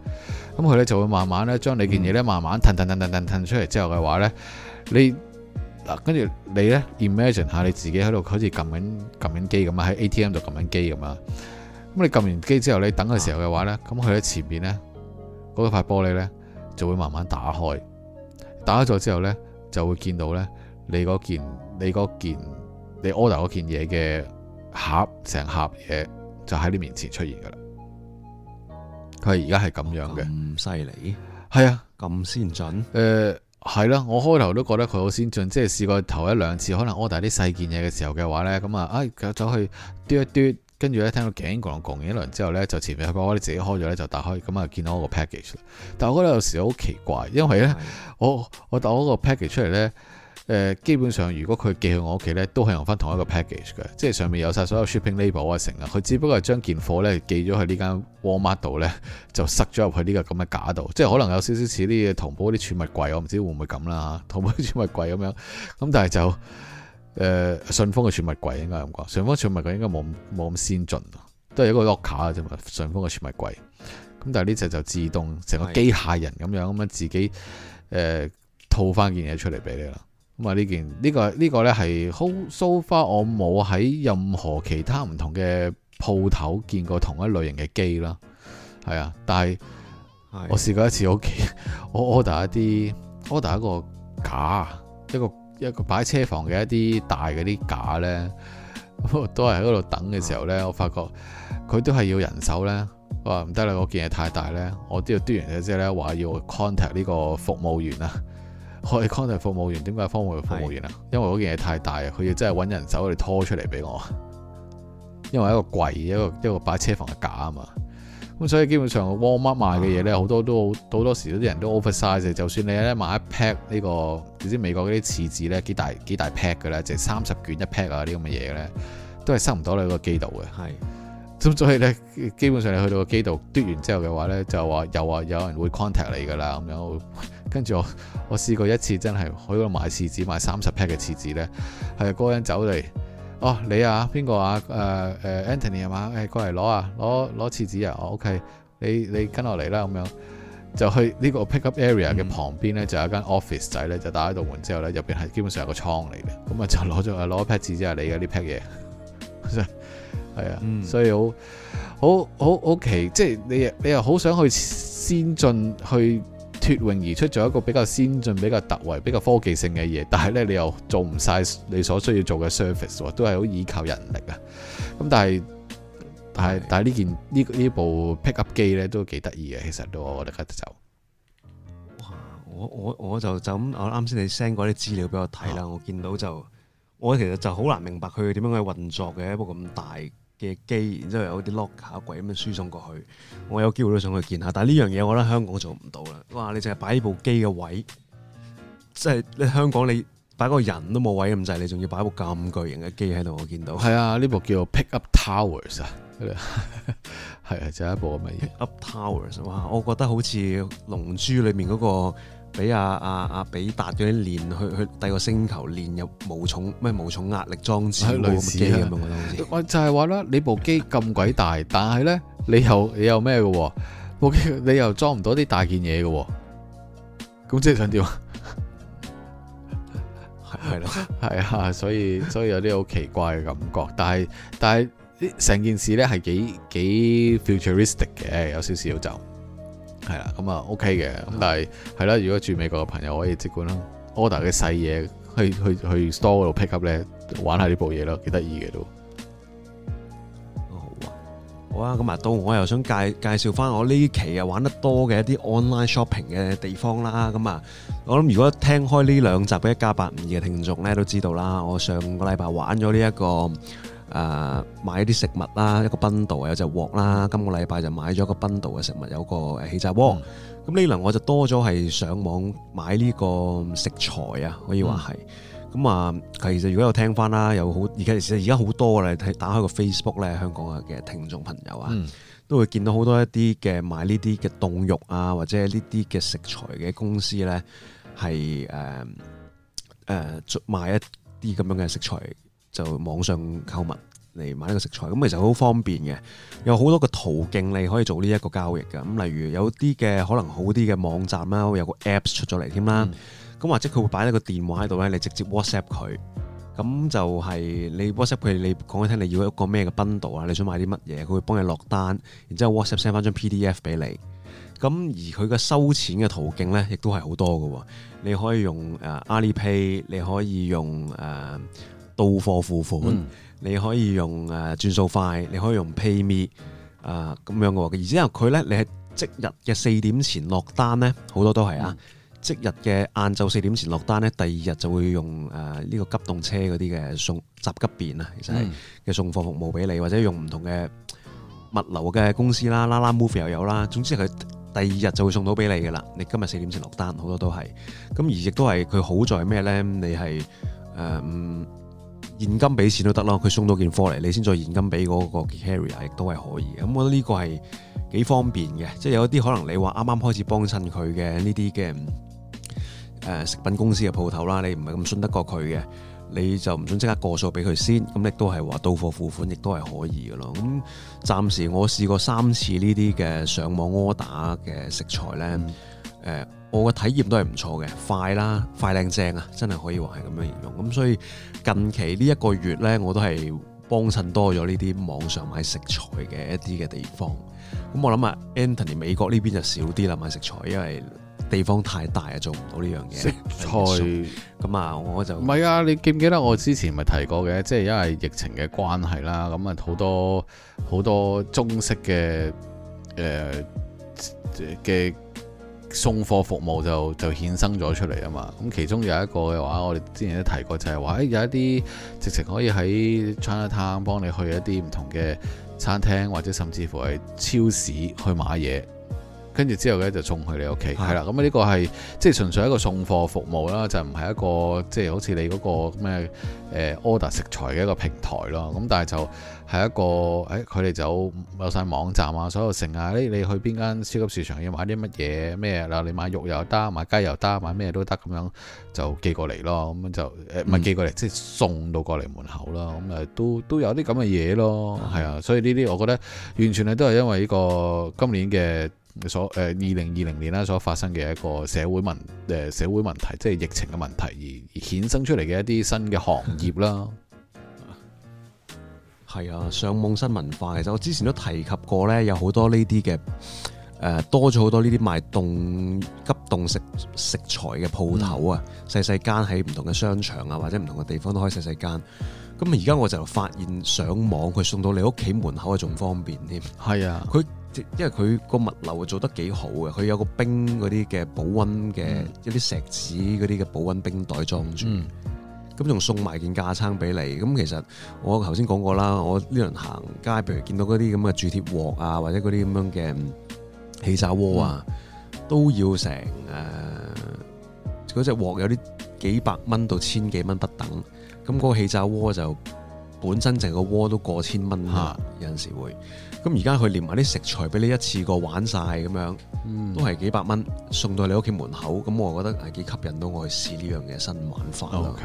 [SPEAKER 2] 咁佢咧就會慢慢咧將你件嘢咧慢慢褪褪褪褪褪出嚟之後嘅話咧，嗯、你嗱跟住你咧 imagine 下你自己喺度好似撳緊撳緊機咁啊，喺 ATM 度撳緊機咁啊。咁你撳完機之後咧，你等嘅時候嘅話咧，咁佢喺前面咧嗰塊玻璃咧就會慢慢打開，打開咗之後咧就會見到咧你件你嗰件。你 order 嗰件嘢嘅盒，成盒嘢就喺你面前出現噶啦。佢而家係咁樣嘅，咁犀利，係啊，咁先進。誒、呃，係啦，我開頭都覺得佢好先進，即係試過頭一兩次可能 order 啲細件嘢嘅時候嘅話咧，咁啊，啊、哎、佢走去嘟一嘟，跟住咧聽到警鈴咣咣一輪之後咧，就前面個我哋自己開咗咧就打開，咁啊見到個 package 啦。但係我覺得有時好奇怪，因為咧的我我打嗰個 package 出嚟咧。誒、呃、基本上，如果佢寄去我屋企咧，都係用翻同一個 package 嘅，即係上面有晒所有 shipping label 啊、mm，成、hmm. 啊。佢只不過係將件貨咧寄咗去呢間 warehouse 度咧，就塞咗入去呢個咁嘅架度，即係可能有少少似啲嘢，淘寶啲儲物櫃，我唔知會唔會咁啦嚇，淘、啊、寶儲物櫃咁樣，咁、嗯、但係就誒順豐嘅儲物櫃應該咁講，順豐儲物櫃應該冇冇咁先進，都係一個 locker 啫、啊、嘛，順豐嘅儲物櫃。咁、嗯、但係呢隻就自動成個機械人咁樣咁樣自己誒、呃、套翻件嘢出嚟俾你啦。咁啊！呢件呢、這個這個呢個咧係好，so far 我冇喺任何其他唔同嘅鋪頭見過同一類型嘅機啦。係啊，但係我試過一次，我、哎、呦我 order 一啲 order 一個架，一個一個擺車房嘅一啲大嗰啲架咧，都係喺嗰度等嘅時候呢，我發覺，佢都係要人手咧。哇！唔得啦，我件嘢太大呢，我都要嘟完嘢之後呢，話要 contact 呢個服務員啊。我哋康泰服務員，點解方匯服務員啊？是因為嗰件嘢太大啊，佢要真係揾人手去拖出嚟俾我。因為一個櫃、嗯，一個一個擺車房嘅架啊嘛。咁所以基本上 Walmart 賣嘅嘢咧，好多都好，啊、多，都多時嗰啲人都 oversize。就算你咧買一 pack 呢、這個，唔知美國嗰啲廁紙咧幾大幾大 pack 嘅咧，就三、是、十卷一 pack 啊啲咁嘅嘢咧，都係收唔到你個機度嘅。咁所以咧，基本上你去到個機度嘟完之後嘅話咧，就話又話有人會 contact 你噶啦，咁樣。跟住我，我試過一次真係去嗰度買廁紙，買三十 pack 嘅廁紙咧，係嗰個人走嚟，哦，你啊，邊個啊？誒誒 Anthony 係咪？誒過嚟攞啊，攞攞廁紙啊，OK，你你跟落嚟啦，咁樣。就去呢個 pickup area 嘅旁邊咧，就有一間 office 仔咧，就打開道門之後咧，入邊係基本上係個倉嚟嘅，咁啊就攞咗攞一 pack 紙之後，你嘅呢 pack 嘢。係啊，嗯、所以好好好好奇，即係你你又好想去先進，去脫穎而出做一個比較先進、比較突圍、比較科技性嘅嘢，但係咧你又做唔晒你所需要做嘅 service 都係好依靠人力啊。咁但係但係的但係呢件呢呢部 pickup 機咧都幾得意嘅，
[SPEAKER 1] 其實都我覺得就哇，我我我就就咁我啱先你 send 嗰啲資料俾我睇啦，啊、我見到就我其實就好難明白佢點樣去運作嘅一部咁大。嘅機，然之後有啲 locker 鬼咁樣輸送過去，我有機會都想去見下，但係呢樣嘢我覺得香港做唔到啦。哇，你淨係擺呢部機嘅位，即係你香港你擺個人都冇位咁滯，你仲要擺部咁巨型嘅機喺度，我見到係啊，呢部叫做 Pick Up Towers 啊，係 *laughs* 啊，就係、一部咁嘅嘢。Up Towers，哇，我覺得好似龍珠裏面嗰、嗰個。俾阿阿阿比達嗰啲練去去第個星球練，又無重咩無重壓力裝置咁嘅機咁啊！我覺得
[SPEAKER 2] 喂就係話啦，你部機咁鬼大，但係咧你又你又咩嘅？部機你又裝唔到啲大件嘢嘅？咁即係想點啊？係咯，係啊，所以所以有啲好奇怪嘅感覺， *laughs* 但係但係啲成件事咧係幾幾 futuristic 嘅，有少少就。係啦，咁啊 OK 嘅，咁但係，係啦，如果住美國嘅朋友可以即管啦，order 嘅
[SPEAKER 1] 細嘢去去去 store 度 pick up 咧，玩下呢部嘢咯，幾得意嘅都。好啊，好啊，咁啊到我又想介介紹翻我呢期啊玩得多嘅一啲 online shopping 嘅地方啦，咁啊，我諗如果聽開呢兩集嘅一家八五二嘅聽眾咧都知道啦，我上個禮拜玩咗呢一個。誒、啊、買一啲食物啦，一個冰島有隻鑊啦。今個禮拜就買咗個冰島嘅食物，有一個氣炸鍋。咁呢輪我就多咗係上網買呢個食材啊，可以話係。咁啊、嗯，其實如果有聽翻啦，有好而家其實而家好多嘅啦，你打開個 Facebook 咧，香港嘅嘅聽眾朋友啊，嗯、都會見到好多一啲嘅買呢啲嘅凍肉啊，或者呢啲嘅食材嘅公司咧，係誒誒賣一啲咁樣嘅食材。就網上購物嚟買呢個食材，咁其實好方便嘅，有好多個途徑你可以做呢一個交易嘅。咁例如有啲嘅可能好啲嘅網站啦，會有個 Apps 出咗嚟添啦。咁、嗯、或者佢會擺一個電話喺度咧，你直接 WhatsApp 佢。咁就係你 WhatsApp 佢，你講佢聽你要一個咩嘅 Bundle 啊，你想買啲乜嘢，佢會幫你落單，然之後 WhatsApp send 翻張 PDF 俾你。咁而佢嘅收錢嘅途徑咧，亦都係好多喎。你可以用 Alipay，你可以用、呃到貨付款，嗯、你可以用誒轉數快，你可以用 PayMe 啊、呃、咁樣嘅。然之後佢咧，你係即日嘅四點前落單咧，好多都係啊！嗯、即日嘅晏晝四點前落單咧，第二日就會用誒呢、呃呢個急動車嗰啲嘅送集急便啊，其實係嘅、嗯、送貨服務俾你，或者用唔同嘅物流嘅公司啦，Lalamove 又有，有啦。總之佢第二日就會送到俾你嘅啦。你今日四點前落單，好多都係咁，而亦都係佢好在咩咧？你係誒嗯。呃現金俾錢都得囉，佢送多件貨嚟，你先再現金俾嗰個 carrier 啊，亦都係可以嘅。咁我覺得呢個係幾方便嘅，即係有一啲可能你話啱啱開始幫襯佢嘅呢啲嘅誒食品公司嘅鋪頭啦，你唔係咁信得過佢嘅，你就唔準即刻過數俾佢先，咁亦都係話到貨付款，亦都係可以嘅咯。咁暫時我試過三次呢啲嘅上網 order 嘅食材咧，誒、嗯。呃我嘅體驗都係唔錯嘅，快啦，快靚正啊，真係可以話係咁樣形容。咁所以近期呢一個月咧，我都係幫襯多咗呢啲網上買食材嘅一啲嘅地方。咁我諗啊，Anthony 美國呢邊就少啲啦買食材，因為地方太大啊，做唔到呢樣嘢。食菜
[SPEAKER 2] 咁啊，我就唔係啊！你記唔記得我之前咪提過嘅？即係因為疫情嘅關係啦，咁啊好多好多中式嘅誒嘅。呃送貨服務就就衍生咗出嚟啊嘛，咁其中有一個嘅話，我哋之前都提過，就係話，誒有一啲直情可以喺 China Town 幫你去一啲唔同嘅餐廳，或者甚至乎係超市去買嘢。跟住之後呢，就送去你屋企係，啦。咁呢個係即係純粹一個送貨服務啦，就唔係一個即係、就是、好似你嗰個咩誒、呃、order 食材嘅一個平台咯。咁但係就係一個誒，佢、哎、哋就有晒網站啊，所有成啊，誒你去邊間超級市場要買啲乜嘢咩啦？你買肉又得，買雞又得，買咩都得咁樣就寄過嚟咯。咁、嗯、就咪唔係寄過嚟，即、就、係、是、送到過嚟門口啦。咁都都有啲咁嘅嘢咯，係啊、嗯。所以呢啲我覺得完全係都係因為呢、這個今年嘅。所誒二零二零年啦，所發生嘅一個社會問誒、呃、社會問題，即係疫情嘅問題而
[SPEAKER 1] 而衍生出嚟嘅一啲新嘅行業啦，係、嗯、啊，上網新文化，其實我之前都提及過咧，有好多呢啲嘅誒，多咗好多呢啲賣凍急凍食食材嘅鋪頭啊，嗯、細細間喺唔同嘅商場啊，或者唔同嘅地方都可以細細間。咁而家我就發現上網，佢送到你屋企門口啊，仲方便添，係啊，佢。因為佢個物流做得幾好嘅，佢有個冰嗰啲嘅保溫嘅、嗯、一啲石子嗰啲嘅保溫冰袋裝住，咁仲、嗯、送埋件架撐俾你。咁其實我頭先講過啦，我呢輪行街，譬如見到嗰啲咁嘅鑄鐵鍋啊，或者嗰啲咁樣嘅氣炸鍋啊，嗯、都要成誒嗰隻鍋有啲幾百蚊到千幾蚊不等，咁、那、嗰個氣炸鍋就本身淨個鍋都過千蚊啦，哈有陣時會。咁而家佢連埋啲食材俾你一次過玩晒，咁樣，都係幾百蚊送到你屋企門口。咁我覺得係幾吸引到我去試呢樣嘅新玩法啦。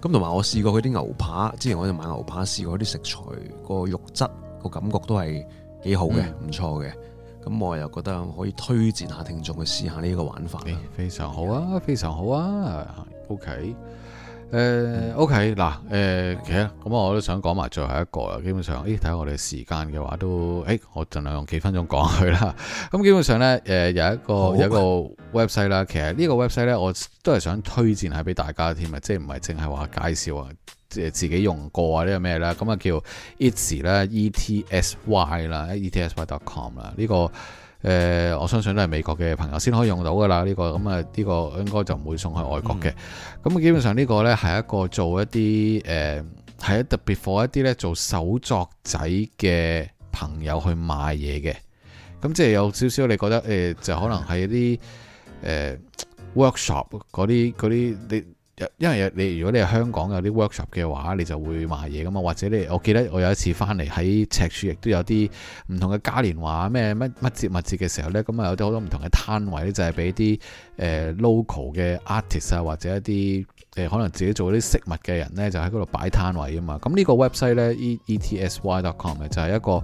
[SPEAKER 1] 咁同埋我試過佢啲牛扒，之前我哋買牛扒試過啲食材，個肉質個感覺都係幾好嘅，唔、嗯、錯嘅。咁我又覺得可以推薦下聽眾去試下呢個玩法。非常好啊，非常好啊。OK。
[SPEAKER 2] 誒、呃、OK 嗱誒、呃，其實咁啊，我都想講埋最後一個啦。基本上，誒睇下我哋時間嘅話都，誒、哎、我儘量用幾分鐘講佢啦。咁基本上咧、呃，有一個的有一個 website 啦。其實個呢個 website 咧，我都係想推薦下俾大家添啊，即係唔係淨係話介紹啊，即自己用過啊，呢、這個咩啦，咁啊叫 Etsy 啦，E T S Y 啦，E T S Y dot com 啦，呢、e 這個。誒、呃，我相信都係美國嘅朋友先可以用到㗎啦，呢、呢個咁啊，呢個應該就唔會送去外國嘅。咁、嗯、基本上呢個咧係一個做一啲誒係一特別 for 一啲咧做手作仔嘅朋友去賣嘢嘅。咁即係有少少你覺得誒、呃，就可能係一啲誒 workshop 嗰啲啲你。因為你如果你係香港有啲 workshop 嘅話，你就會賣嘢噶嘛。或者你，我記得我有一次翻嚟喺赤柱，亦都有啲唔同嘅嘉年華咩乜乜節物節嘅時候呢。咁啊有啲好多唔同嘅攤位呢，就係俾啲誒 local 嘅 artist 啊，或者一啲誒、呃、可能自己做啲飾物嘅人咧，就喺嗰度擺攤位啊嘛。咁呢個 website 呢 Etsy.com 咧就係一個。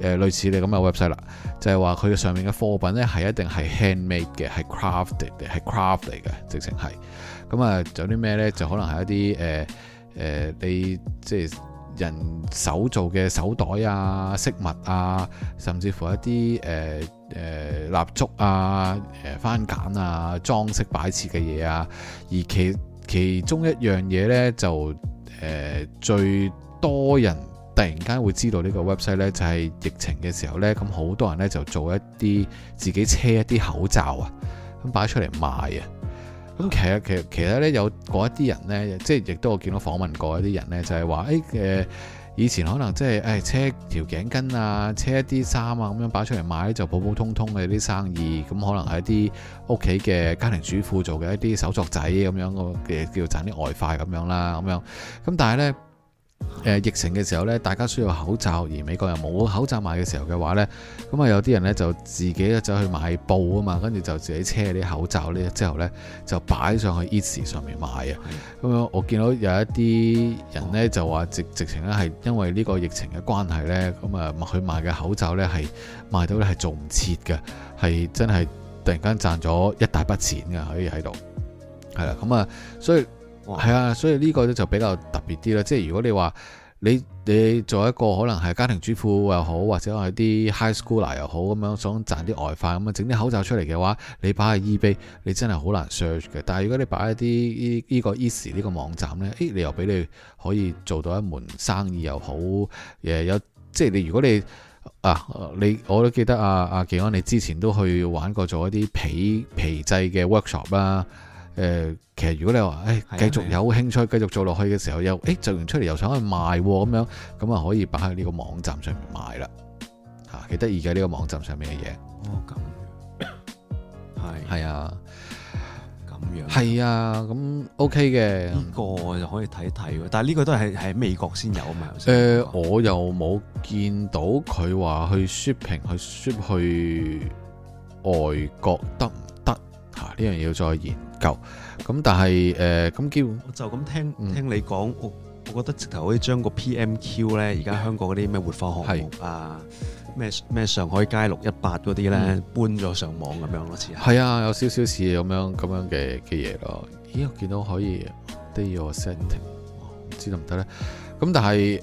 [SPEAKER 2] 誒類似你咁嘅 website 啦，就係話佢上面嘅貨品咧係一定係 handmade 嘅，係 crafted 嘅，係 craft 嚟嘅，直情係。咁啊，仲有啲咩咧？就可能係一啲誒誒，你即係人手做嘅手袋啊、飾物啊，甚至乎一啲誒誒蠟燭啊、誒番梘啊、裝飾擺設嘅嘢啊。而其其中一樣嘢咧，就誒、呃、最多人。突然間會知道呢個 website 呢，就係疫情嘅時候呢。咁好多人呢，就做一啲自己車一啲口罩啊，咁擺出嚟賣啊。咁其實其實其實呢，有嗰一啲人呢，即係亦都有見到訪問過一啲人呢，就係話誒誒，以前可能即係誒車條頸巾啊，車一啲衫啊，咁樣擺出嚟賣呢，就普普通通嘅啲生意。咁可能係一啲屋企嘅家庭主婦做嘅一啲手作仔咁樣嘅，叫賺啲外快咁樣啦，咁樣。咁但係呢。誒，疫情嘅時候呢，大家需要口罩，而美國又冇口罩賣嘅時候嘅話呢，咁啊有啲人呢就自己走去買布啊嘛，跟住就自己車啲口罩呢，之後呢就擺上去 Etsy 上面賣啊。咁樣是的 我見到有一啲人呢就話直接直情咧係因為呢個疫情嘅關係呢，咁啊佢賣嘅口罩呢係賣到呢係做唔切嘅，係真係突然間賺咗一大筆錢嘅可以喺度，係啦，咁啊所以。係、哦、啊，所以呢個咧就比較特別啲啦。即係如果你話你你做一個可能係家庭主婦又好，或者係啲 high schooler 又好咁樣想賺啲外快咁樣整啲口罩出嚟嘅話，你擺喺 eBay，你真係好難 search 嘅。但係如果你擺一啲呢依個 Easy 呢個網站呢，咦、哎，你又俾你可以做到一門生意又好，誒有即係你如果你啊你我都記得啊啊技安，你之前都去玩過做一啲皮皮製嘅 workshop 啦、啊。誒、呃，其實如果你話誒、哎、繼續有興趣、啊啊、繼續做落去嘅時候，又誒做完出嚟又想去賣咁、哦、樣，咁啊可以擺喺呢個網站上面賣啦，吓幾得意嘅呢個網站上面嘅嘢。哦，
[SPEAKER 1] 咁，係係 *laughs* 啊，咁樣係啊，咁、啊、OK 嘅，呢個我就可以睇一睇，但係呢個都係係喺美國先有啊嘛。誒、呃，我又冇
[SPEAKER 2] 見到佢話去 shipping 去 ship 去外
[SPEAKER 1] 國得。嚇，呢樣嘢、啊這個、要再研究。咁但係誒，咁、呃、叫我就咁聽聽你講，我、嗯、我覺得直頭可以將個 PMQ 咧，而家、嗯、香港嗰啲咩活化項目啊，咩咩、嗯啊、上海街六一八嗰啲咧，嗯、搬咗上網咁樣咯，嗯、似係啊，有少少似咁樣咁樣嘅嘅嘢咯。咦，我見到可以
[SPEAKER 2] day your setting，唔知得唔得咧？咁但係誒，係、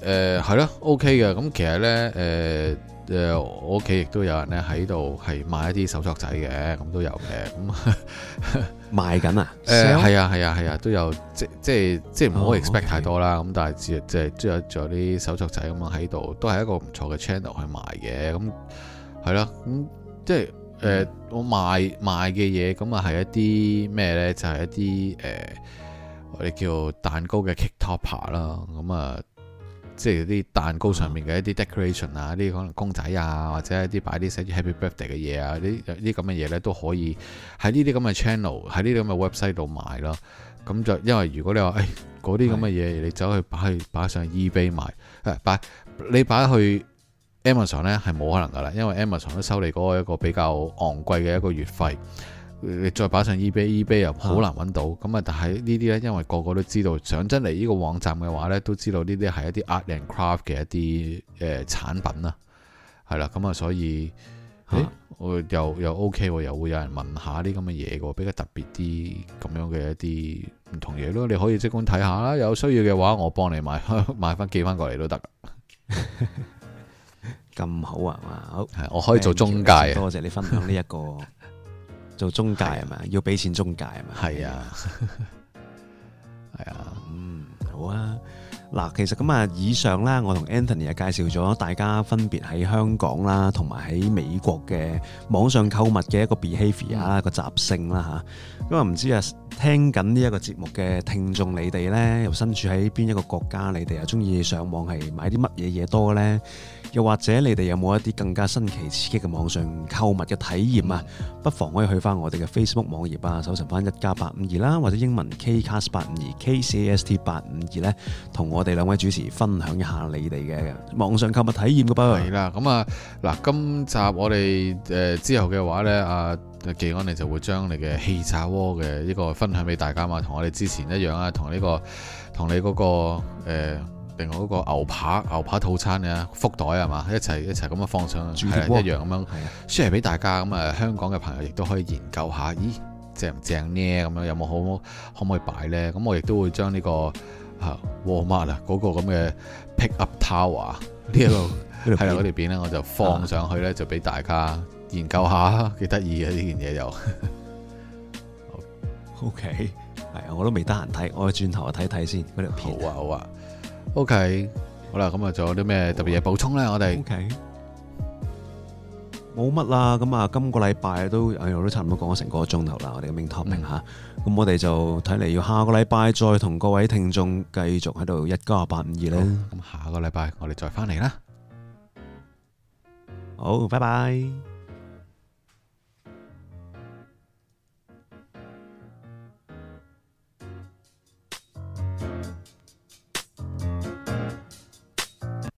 [SPEAKER 2] 呃、咯、啊，OK 嘅。咁其實咧誒。呃誒、呃，我屋企亦都有人咧喺度係賣一啲手作仔嘅，咁都有嘅。咁
[SPEAKER 1] 賣緊啊？誒、呃，係售啊，係啊，係
[SPEAKER 2] 啊，係啊，都有即即即唔好 expect 太多啦。咁、oh, okay. 但係即即係有仲有啲手作仔咁樣喺度，都係一個唔錯嘅 channel 去賣嘅。咁係咯，咁、啊、即係誒、呃，我賣賣嘅嘢咁啊，係一啲咩咧？就係、是、一啲誒、呃，我哋叫蛋糕嘅 cake topper 啦。咁啊～即係啲蛋糕上面嘅一啲 decoration 啊，啲可能公仔啊，或者一啲擺啲寫住 Happy Birthday 嘅嘢啊，啲啲咁嘅嘢咧都可以喺呢啲咁嘅 channel，喺呢啲咁嘅 website 度買咯。咁就因為如果你話誒嗰啲咁嘅嘢，哎、你走去擺的、e 啊、去擺上 eBay 賣，誒擺你擺去 Amazon 咧，係冇可能噶啦，因為 Amazon 都收你嗰個一個比較昂貴嘅一個月費。你再擺上 eBay，eBay、e、又好難揾到。咁啊，但係呢啲咧，因為個個都知道，上真嚟呢個網站嘅話咧，都知道呢啲係一啲 Art and Craft 嘅一啲誒、呃、產品啦。係啦，咁啊，所以我又又 OK，又會有人問下啲咁嘅嘢嘅，比較特別啲咁樣嘅一啲唔同嘢咯。你可以即管睇下啦，有需要嘅話，我幫你買，買翻寄翻過嚟都得。
[SPEAKER 1] 咁 *laughs* 好啊嘛，好，我可以做中介。多謝你分享呢、這、一個。 *laughs* 做中介係嘛？要俾錢中介係嘛？係啊，係啊，嗯，好啊。嗱，其實咁啊，以上啦，我同 Anthony 又介紹咗大家分別喺香港啦，同埋喺美國嘅網上購物嘅一個 behaviour 啦，一個習性啦嚇。咁啊，唔知啊，聽緊呢一個節目嘅聽眾你哋咧，又身處喺邊一個國家？你哋又中意上網係買啲乜嘢嘢多咧？又或者你哋有冇一啲更加新奇刺激嘅網上購物嘅體驗啊？不妨可以去翻我哋嘅 Facebook 網頁啊，搜尋翻一家八五二啦，52, 或者英文 Kcast 八五二 KCAST 八五二呢，同我哋兩位主持分享一下你哋嘅網上購物體
[SPEAKER 2] 驗嘅包。係啦，咁啊嗱，今集我哋誒之後嘅話呢，阿技安你就會將你嘅氣炸鍋嘅呢個分享俾大家嘛，同我哋之前一樣啊，同呢、這個同你嗰、那個誒。呃另外嗰個牛扒，牛扒套餐嘅福袋係嘛，一齊一齊咁樣放上去，係一樣咁樣 share 俾大家。咁啊，香港嘅朋友亦都可以研究下，咦正唔正呢？咁樣有冇好可唔可以擺咧？咁我亦都會將呢、呢個啊 Walmart 嗰個咁嘅 pick up tower 呢一個係嗰條片咧，片我就放上去咧，啊、就俾大家研究下，幾得意啊！呢件嘢又 *laughs*
[SPEAKER 1] 好 OK，
[SPEAKER 2] 係啊，我都未得閒睇，我轉頭
[SPEAKER 1] 睇睇先嗰片。好啊，好啊。O K，好啦，咁啊，仲有啲咩特別嘢補充咧？我哋 O K，冇乜啦，咁啊，今個禮拜都哎呀，我都差唔多講咗成個鐘頭啦，我哋嘅 Main Topic 吓，咁我哋就睇嚟要下個禮拜再同各位聽眾繼續喺度一加八五二咧。咁下個禮拜我哋再翻嚟啦，好，拜拜。